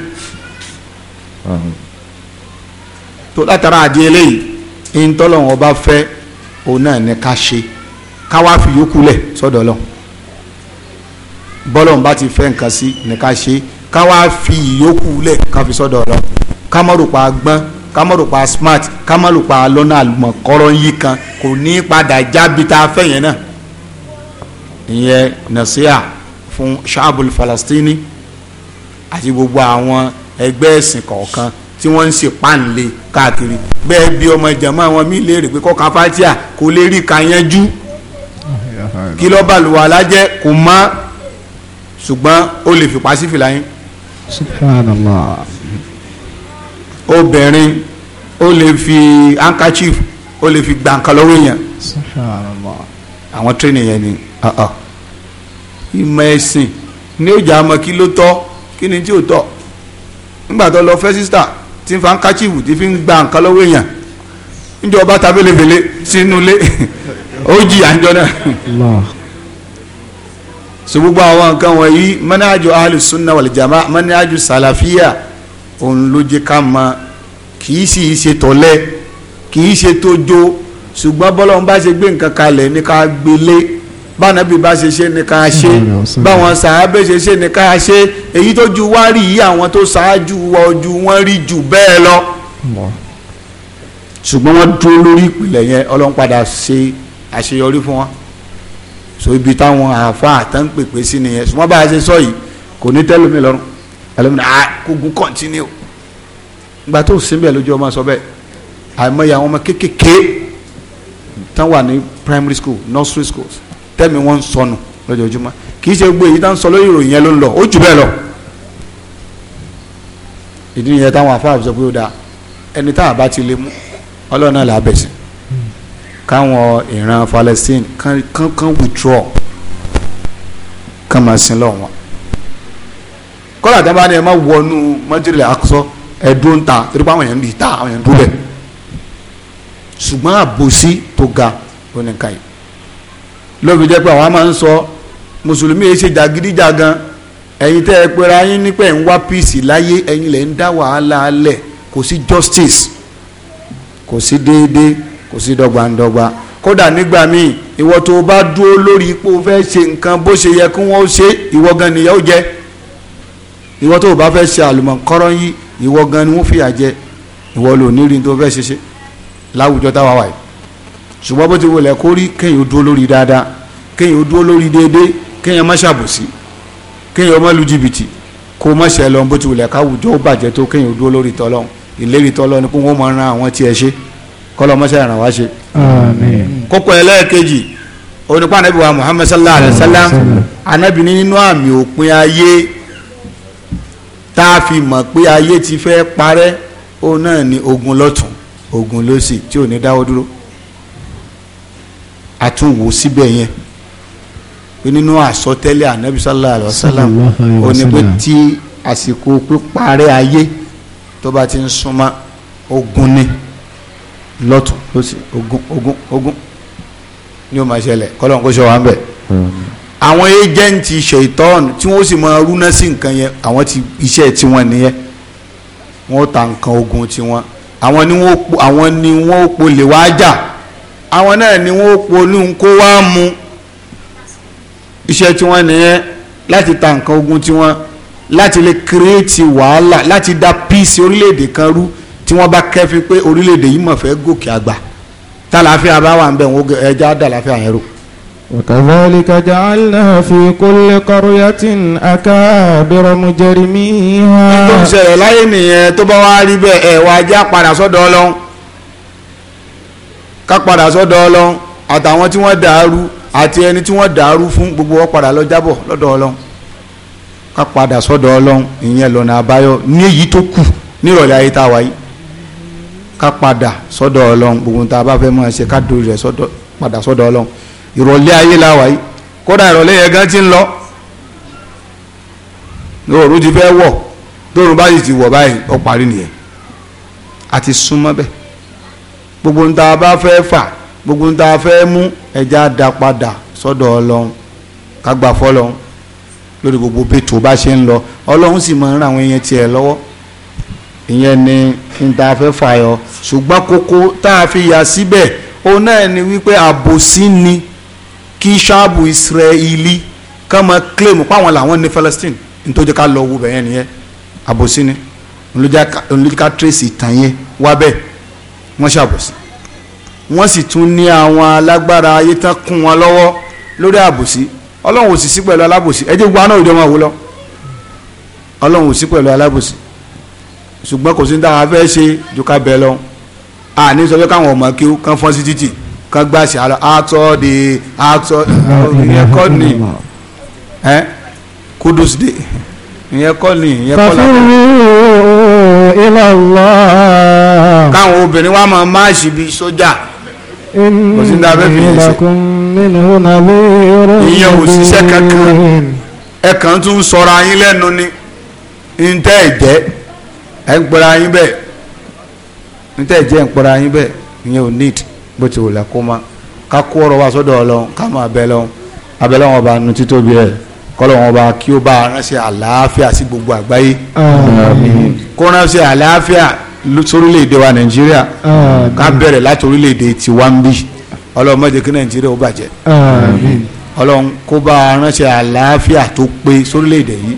tó látara àdí eléyìí ntọ́lọ́wọ́n ọba fẹ́ òun náà ní ká ṣe ká wá fi yókù lẹ̀ sọ́dọ̀ lọ bọ́lọ́n bá ti fẹ́ nǹkan sí ní ká ṣe ká wá fi yókù lẹ̀ ká fi sọ́dọ̀ lọ ká mọ̀ rò pa gbọ́n ká mọ̀ rò pa smart ká mọ̀ rò pa lọ́nà àlùmọ̀kọ́rọ́ yìí kan kò ní padà jábí tá a fẹ́ yẹn náà ìyẹn nàṣíà fún ṣáàbùl falastini àti gbogbo àwọn ẹgbẹ́ ẹ̀sìn kọ̀ọ̀kan tí wọ́n ń ṣe páńlé káàkiri bẹ́ẹ̀ bí ọmọ ìjàmọ́ àwọn míì léèrè pé kọ́ka fatia kò lè rí ka yanjú kí lọ́ọ́ bàlùwà alájẹ́ kò mọ́ ṣùgbọ́n ó lè fipá sí fìlà yín. subhanallah. obìnrin ó lè fi handkerchief ó lè fi gbà nǹkan lọ́wọ́ èèyàn. subhanallah. àwọn tírénì yẹn ni ìmọ̀ ẹ̀sìn ní ìjà ọmọ kí ló tọ́ kí ni tí ò tọ́ nígbà tó lọ fẹ́ sísítà tí ń fa ń káchíìfù tí fi ń gba nǹkan lọ́wọ́ èèyàn níjọ ọba ta belebele sínú ilé ó jìyà níjọ náà. so gbogbo àwọn nǹkan wọ̀nyí mẹ́nájú alùsùnà wàlìjàmá mẹ́nájú sàlàfíà òun ló jẹ́ ká mọ kì í sì í ṣe tọ́lẹ̀ kì í ṣe tójó ṣùgbọ́n bọ́lá ń bá ṣe gbé nǹkan kalẹ̀ ní ká gbélé bánabi bá ṣe ṣe ni ká ṣe mm, báwọn sàábẹ̀ ṣe ṣe ni ká ṣe èyí tó ju wá rí yìí àwọn tó ṣáájú wa ojú wọn rí jù bẹ́ẹ̀ lọ mm. ṣùgbọ́n wọ́n dúró lórí ìpìlẹ̀ yẹn ọlọ́run ṣe àṣeyọrí fún wọn so ibi táwọn àáfà àtàn pèpè sí nìyẹn ṣùgbọ́n bá a ṣe sọ yìí kò ní tẹ́lómi lọ́rùn ẹlẹ́mìnà á ah, kógun kọ́ntínú ìgbà tó sínbẹ̀ lójú ọmọ sọ bẹ́ẹ̀ àìmọye àwọn ọmọ kéékèèké tán wà ní primary school nursery schools tẹ́mi wọ́n ń sọnù lójoojúmọ́ kì í ṣe gbogbo èyí tá ń sọ lórí ìròyìn yẹn ló ń lọ ó jù bẹ́ẹ̀ lọ. ìdí nìyẹn táwọn afáàbù sọ pé ó dáa ẹni tá bá ti lè mú ọlọ́run náà làá bẹ̀sìn káwọn ìran Palestine kan kan kan withdraw kán máa sin lọ́wọ́ wọn. kọ́lá àtàwọn bá ní ẹ má wọnú mọ́tìrìlẹ̀ àkọsọ ẹ̀dùn ń ta torí pé àwọn èèyàn ń ta àwọn èèyàn ń dúró bẹ̀ ṣùgbọ́n àbòsí tó ga ló ní ká yìí ló fi jẹ́ pé àwọn máa ń sọ mùsùlùmí yìí ṣe jàgídíjàgan ẹ̀yin tẹ́ ẹ pera yín ní pé ń wá píìsì láyé ẹ̀yin lẹ̀ ń dá wàhálà alẹ̀ kò sí justice kò sí déédéé kò sí dọ́gbandọ́gba kódà nígbà míì ìwọ tó bá dúró lórí ipò fẹ́ ṣe nǹkan bó ṣe yẹ kí wọ́n ṣe ìwọ gan nìyà ó jẹ ìwọ tó bá fẹ́ ṣe àlùmọ̀kọ́rọ́ yìí ìwọ gan ni wọ́n fìyà jẹ ìwọ lò ní rí ní tó fẹ́ ṣe ṣe láwùjọ táwa wà ṣùgbọ́n bó ti wọlé kó rí kéèyàn dúró lórí dáadáa kéèyàn dúró lórí déédéé kéèyàn má ṣàbòsí kéèyàn má lu jìbìtì kó má ṣe lọ bó ti wọlé káwùjọ ó bàjẹ́ tó kéèyàn dúró lórí tọ́lọ́ ìlérí tọ́lọ́ ni kó wọ́n máa ran àwọn tiẹ̀ ṣe kọ́lọ́ mọ́ṣẹ́ ràn wá ṣe. kókó ẹlẹ́ẹ̀kejì onípa anabi wa muhammed sallallahu alayhi wa sallam anabi ní nínú àmì òpin ayé tá a fi mọ̀ pé ayé ti fẹ́ parẹ́ òun náà ni ogun lọ́tún ogun lósì tí ò ní dáwọ́ dúró àtúnwò síbẹ̀ yẹn nínú àsọtẹ́lẹ̀ anabi sallallahu alayhi wa sallam ó ní pé tí àsìkò píparẹ́ ayé tó bá ti ń súnmọ́ ogun ni lọ́tún lọ́sì ogun ogun ogun ni ó máa ṣẹlẹ̀ kọ́lọ́n kó ṣe wà ń bẹ̀. àwọn éjẹ́ǹtì ṣèitọ́n tí wọ́n sì máa rúná sí nǹkan yẹn àwọn ti iṣẹ́ tiwọn nìyẹn wọ́n ta nǹkan ogun tiwọn àwọn ni wọ́n polè wá àwọn náà ni wọ́n polú ń kó wá mú iṣẹ́ tí wọ́n nìyẹn láti ta nǹkan ogun tí wọ́n láti lè kírètì wàhálà láti dá píìsì orílẹ̀-èdè kan rú tí wọ́n bá kẹ́fín pé orílẹ̀-èdè yìí mọ̀ fẹ́ gòkè àgbà tálàáfíà bá wà ń bẹ̀ wọ́n ẹja dàlàáfíà yẹn rò. وكذلك جعلنا في كل قرية أكابر مجرميها. ìgbóhùn ṣẹlẹ̀ láyé nìyẹn tó bá wá rí bẹ́ẹ̀ ẹ̀ wá já padà sọ́dọ̀ ọlọ́run ká padà sọ́dọ̀ ọlọ́run àtàwọn tí wọ́n dàrú àti ẹni tí wọ́n dàrú fún gbogbo wọn padà lọ jábọ̀ lọ́dọ̀ ọlọ́run ká padà sọ́dọ̀ ọlọ́run ìyẹn lọ́nà àbáyọ ní èyí tó kù nírọ̀lẹ́ ayé tá a wáyé ká padà sọ́dọ̀ ọlọ́run gbogbo tá a bá fẹ́ máa ṣe ká dorí rẹ̀ padà sọ́dọ̀ ọlọ́run ìrọ̀lẹ́ ayé la wáyé kódà ìrọ̀lẹ́ yẹn gan ti ń lọ lóòrùn ti fẹ́ wọ̀ tóòrùn báyìí ti wọ̀ báyìí ó parí nìyẹn àti súnmọ́ bẹ́ẹ̀ gbogbo ń ta bá fẹ́ fà gbogbo ń ta fẹ́ mú ẹja da padà sọ́dọ̀ ọlọ́run kágbà fọlọ́run lórí gbogbo bẹ́tò bá ṣe ń lọ ọlọ́run sì máa ń ra àwọn èèyàn tiẹ̀ lọ́wọ́ ìyẹn ni ń ta fẹ́ fà yọ ṣùgbọ́n kókó tá a fi yà síbẹ̀ òun náà ni wípé àbòsí ni kí ṣáàbù ìsírẹ́lì kàn máa claim páwọn làwọn ní Palestine nítorí ká lọ wo bẹ̀yẹn nìyẹn àbòsí ni olùjẹ́ká trace ìtàn yẹn wá bẹ́ẹ̀ wọ́n ṣàbòsí wọ́n sì tún ní àwọn alágbára ayé tán kún wọn lọ́wọ́ lórí àbòsí ọlọ́run ò sì sí pẹ̀lú alábòsí ẹ jẹ́ gbọ́ náà ìjọba wò lọ ọlọ́run ò sí pẹ̀lú alábòsí ṣùgbọ́n kò sí ní táwọn afẹ́ ṣe ju ká bẹ̀ lọ a ní sọ pé káwọn ọmọ kí kán fọ́n sí títì kán gbà sí àlọ́ àtọ́ de àtọ́ ìyẹn ni kudus de. ìyẹn kọ́ ni ìyẹn kọ́ káwọn obìnrin wa máa ṣì bí sójà kò sí dábẹ́ bí yẹn ṣe. ìyẹn ò ṣiṣẹ́ kankan ẹ̀kan tún sọ̀rọ̀ ayín lẹ́nu ni ń tẹ́ ẹ̀ jẹ́ ẹ̀ ń pẹ́ra ayín bẹ́ẹ̀ tẹ́ jẹ́ ń pẹ́ra ayín bẹ́ẹ̀ ìyẹn ò need bó ti lẹ́kọ́ ká kó ọ̀rọ̀ wa sọ́dọ̀ ká máa kọ́lọ́wọ́n bá kí ó bá ránṣẹ́ àlàáfíà sí gbogbo àgbáyé kó ránṣẹ́ àlàáfíà sórílẹ̀-èdè wa nàìjíríà ká bẹ̀rẹ̀ láti orílẹ̀-èdè tiwa ń bì ọlọ́mọdé kí nàìjíríà ó bàjẹ́ ọlọ́run kó bá a ránṣẹ́ àlàáfíà tó pé sórílẹ̀-èdè yìí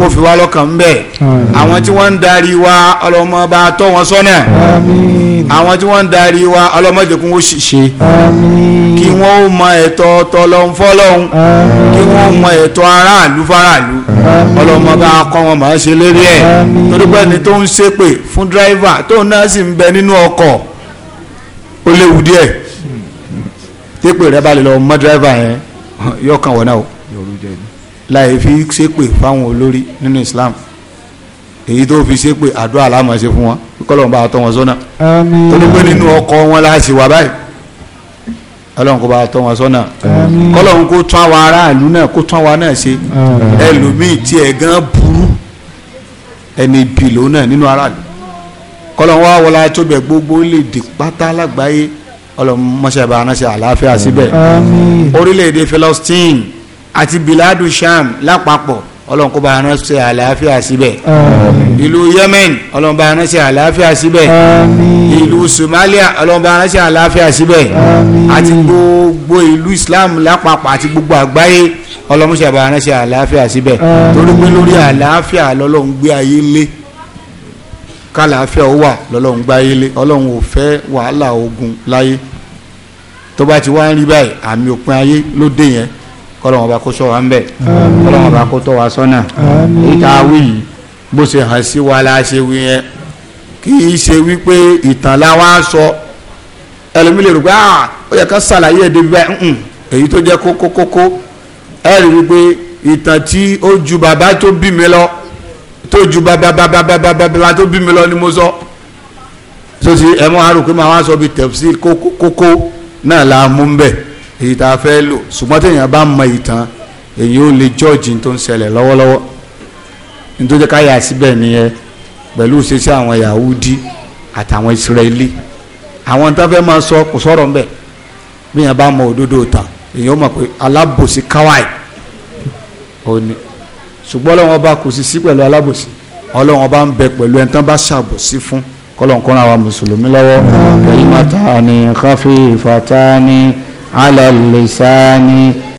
kó fi wá lọ́kàn ń bẹ̀ àwọn tí wọ́n ń darí wa ọlọ́mọ bá tọ́ wọn sọ́nà àwọn tí wọ́n ń darí wa ọlọ́mọ jẹ̀kún ó ṣiṣẹ́ kí wọ́n ó mọ ẹ̀tọ́ tọlọ́hún fọlọ́hún kí wọ́n ó mọ ẹ̀tọ́ aráàlú faraàlú ọlọ́mọ bá kọ́ wọn máa ṣe lérí ẹ̀ torí pé ẹni tó ń ṣépè fún dírẹ́fà tépè rẹ bá lè lọ mọ dírẹ́fà yẹn yọkàn wọ̀ náà o láì fi ṣépè fáwọn olórí nínú Islam èyí tó fi ṣépè àdúrà láàmú ṣe fún wọn kọ́lọ́n bá tọ́ wọn sọ́nà tó ní pé nínú ọkọ̀ wọn láti wà báyìí ọlọ́run kó bá tọ́ wọn sọ́nà kọ́lọ́run kó tún àwọn aráàlú náà kó tún àwọn náà ṣe ẹlòmíì tiẹ̀ gan burú ẹni bìlò náà nínú aráàlú kọ́lọ́run wá wọlá tó bẹ̀ gbogbo lè dè pátá lágbàáyé ọlọmọṣẹ bá ránṣẹ́ àlàáfíà síbẹ̀ orílẹ̀-èdè Palestine àti biladu sham lápapọ̀ ọlọ́run kó bá ránṣẹ́ àlàáfíà síbẹ̀ ìlú Yemen ọlọ́run bá ránṣẹ́ àlàáfíà síbẹ̀ ìlú Somalia ọlọ́run bá ránṣẹ́ àlàáfíà síbẹ̀ àti gbogbo ìlú Islam lápapọ̀ àti gbogbo àgbáyé ọlọ́run ṣe bá ránṣẹ́ àlàáfíà síbẹ̀ torí pé lórí àlàáfíà lọ́lọ́run gbé ayé lé kálàáfíà ó wà lọ́lọ́run gbáyé lé ọlọ́run ò fẹ́ wàhálà ogun láyé tó bá ti wá ń rí báyìí àmì òpin ayé ló dé yẹn kọ́lọ́run ọba kó sọ wa ń bẹ̀ kọ́lọ́run ọba kó tọ́ wa sọ́nà ìta wí yìí bó ṣe hàn sí wa la ṣe wí yẹn kì í ṣe wípé ìtàn láwa sọ ẹlòmí lè rò pé ah ó yẹ ká ṣàlàyé ẹ̀ débi báyìí èyí tó jẹ́ kókókókó ẹ̀ rí wípé ìtàn tí ó ju bàbá tó bí mi lọ tó ju babababababa tó bí mi lọ ni mo sọ sosi ẹ mọ àrùn pé màá wá sọ bí tẹ̀sí kókó náà la mú bẹ́ẹ̀ èyí tá a fẹ́ lò ṣùgbọ́n téèyàn bá mọ ìtàn èyí ò lè jọ́ọ̀jì tó ń ṣẹlẹ̀ lọ́wọ́lọ́wọ́ nítorí ká yà síbẹ̀ nìyẹn pẹ̀lú ṣùgbọ́n ọlọ́run ọba kò sì sí pẹ̀lú alábòsí ọlọ́run ọba ń bẹ pẹ̀lú ẹni tán bá ṣàbòsí fún kọ́lọ́n kọ́ra wa mùsùlùmí lọ́wọ́ kẹ́yìn mátà ni káfíńfàtà ni alàlẹ́sà ni.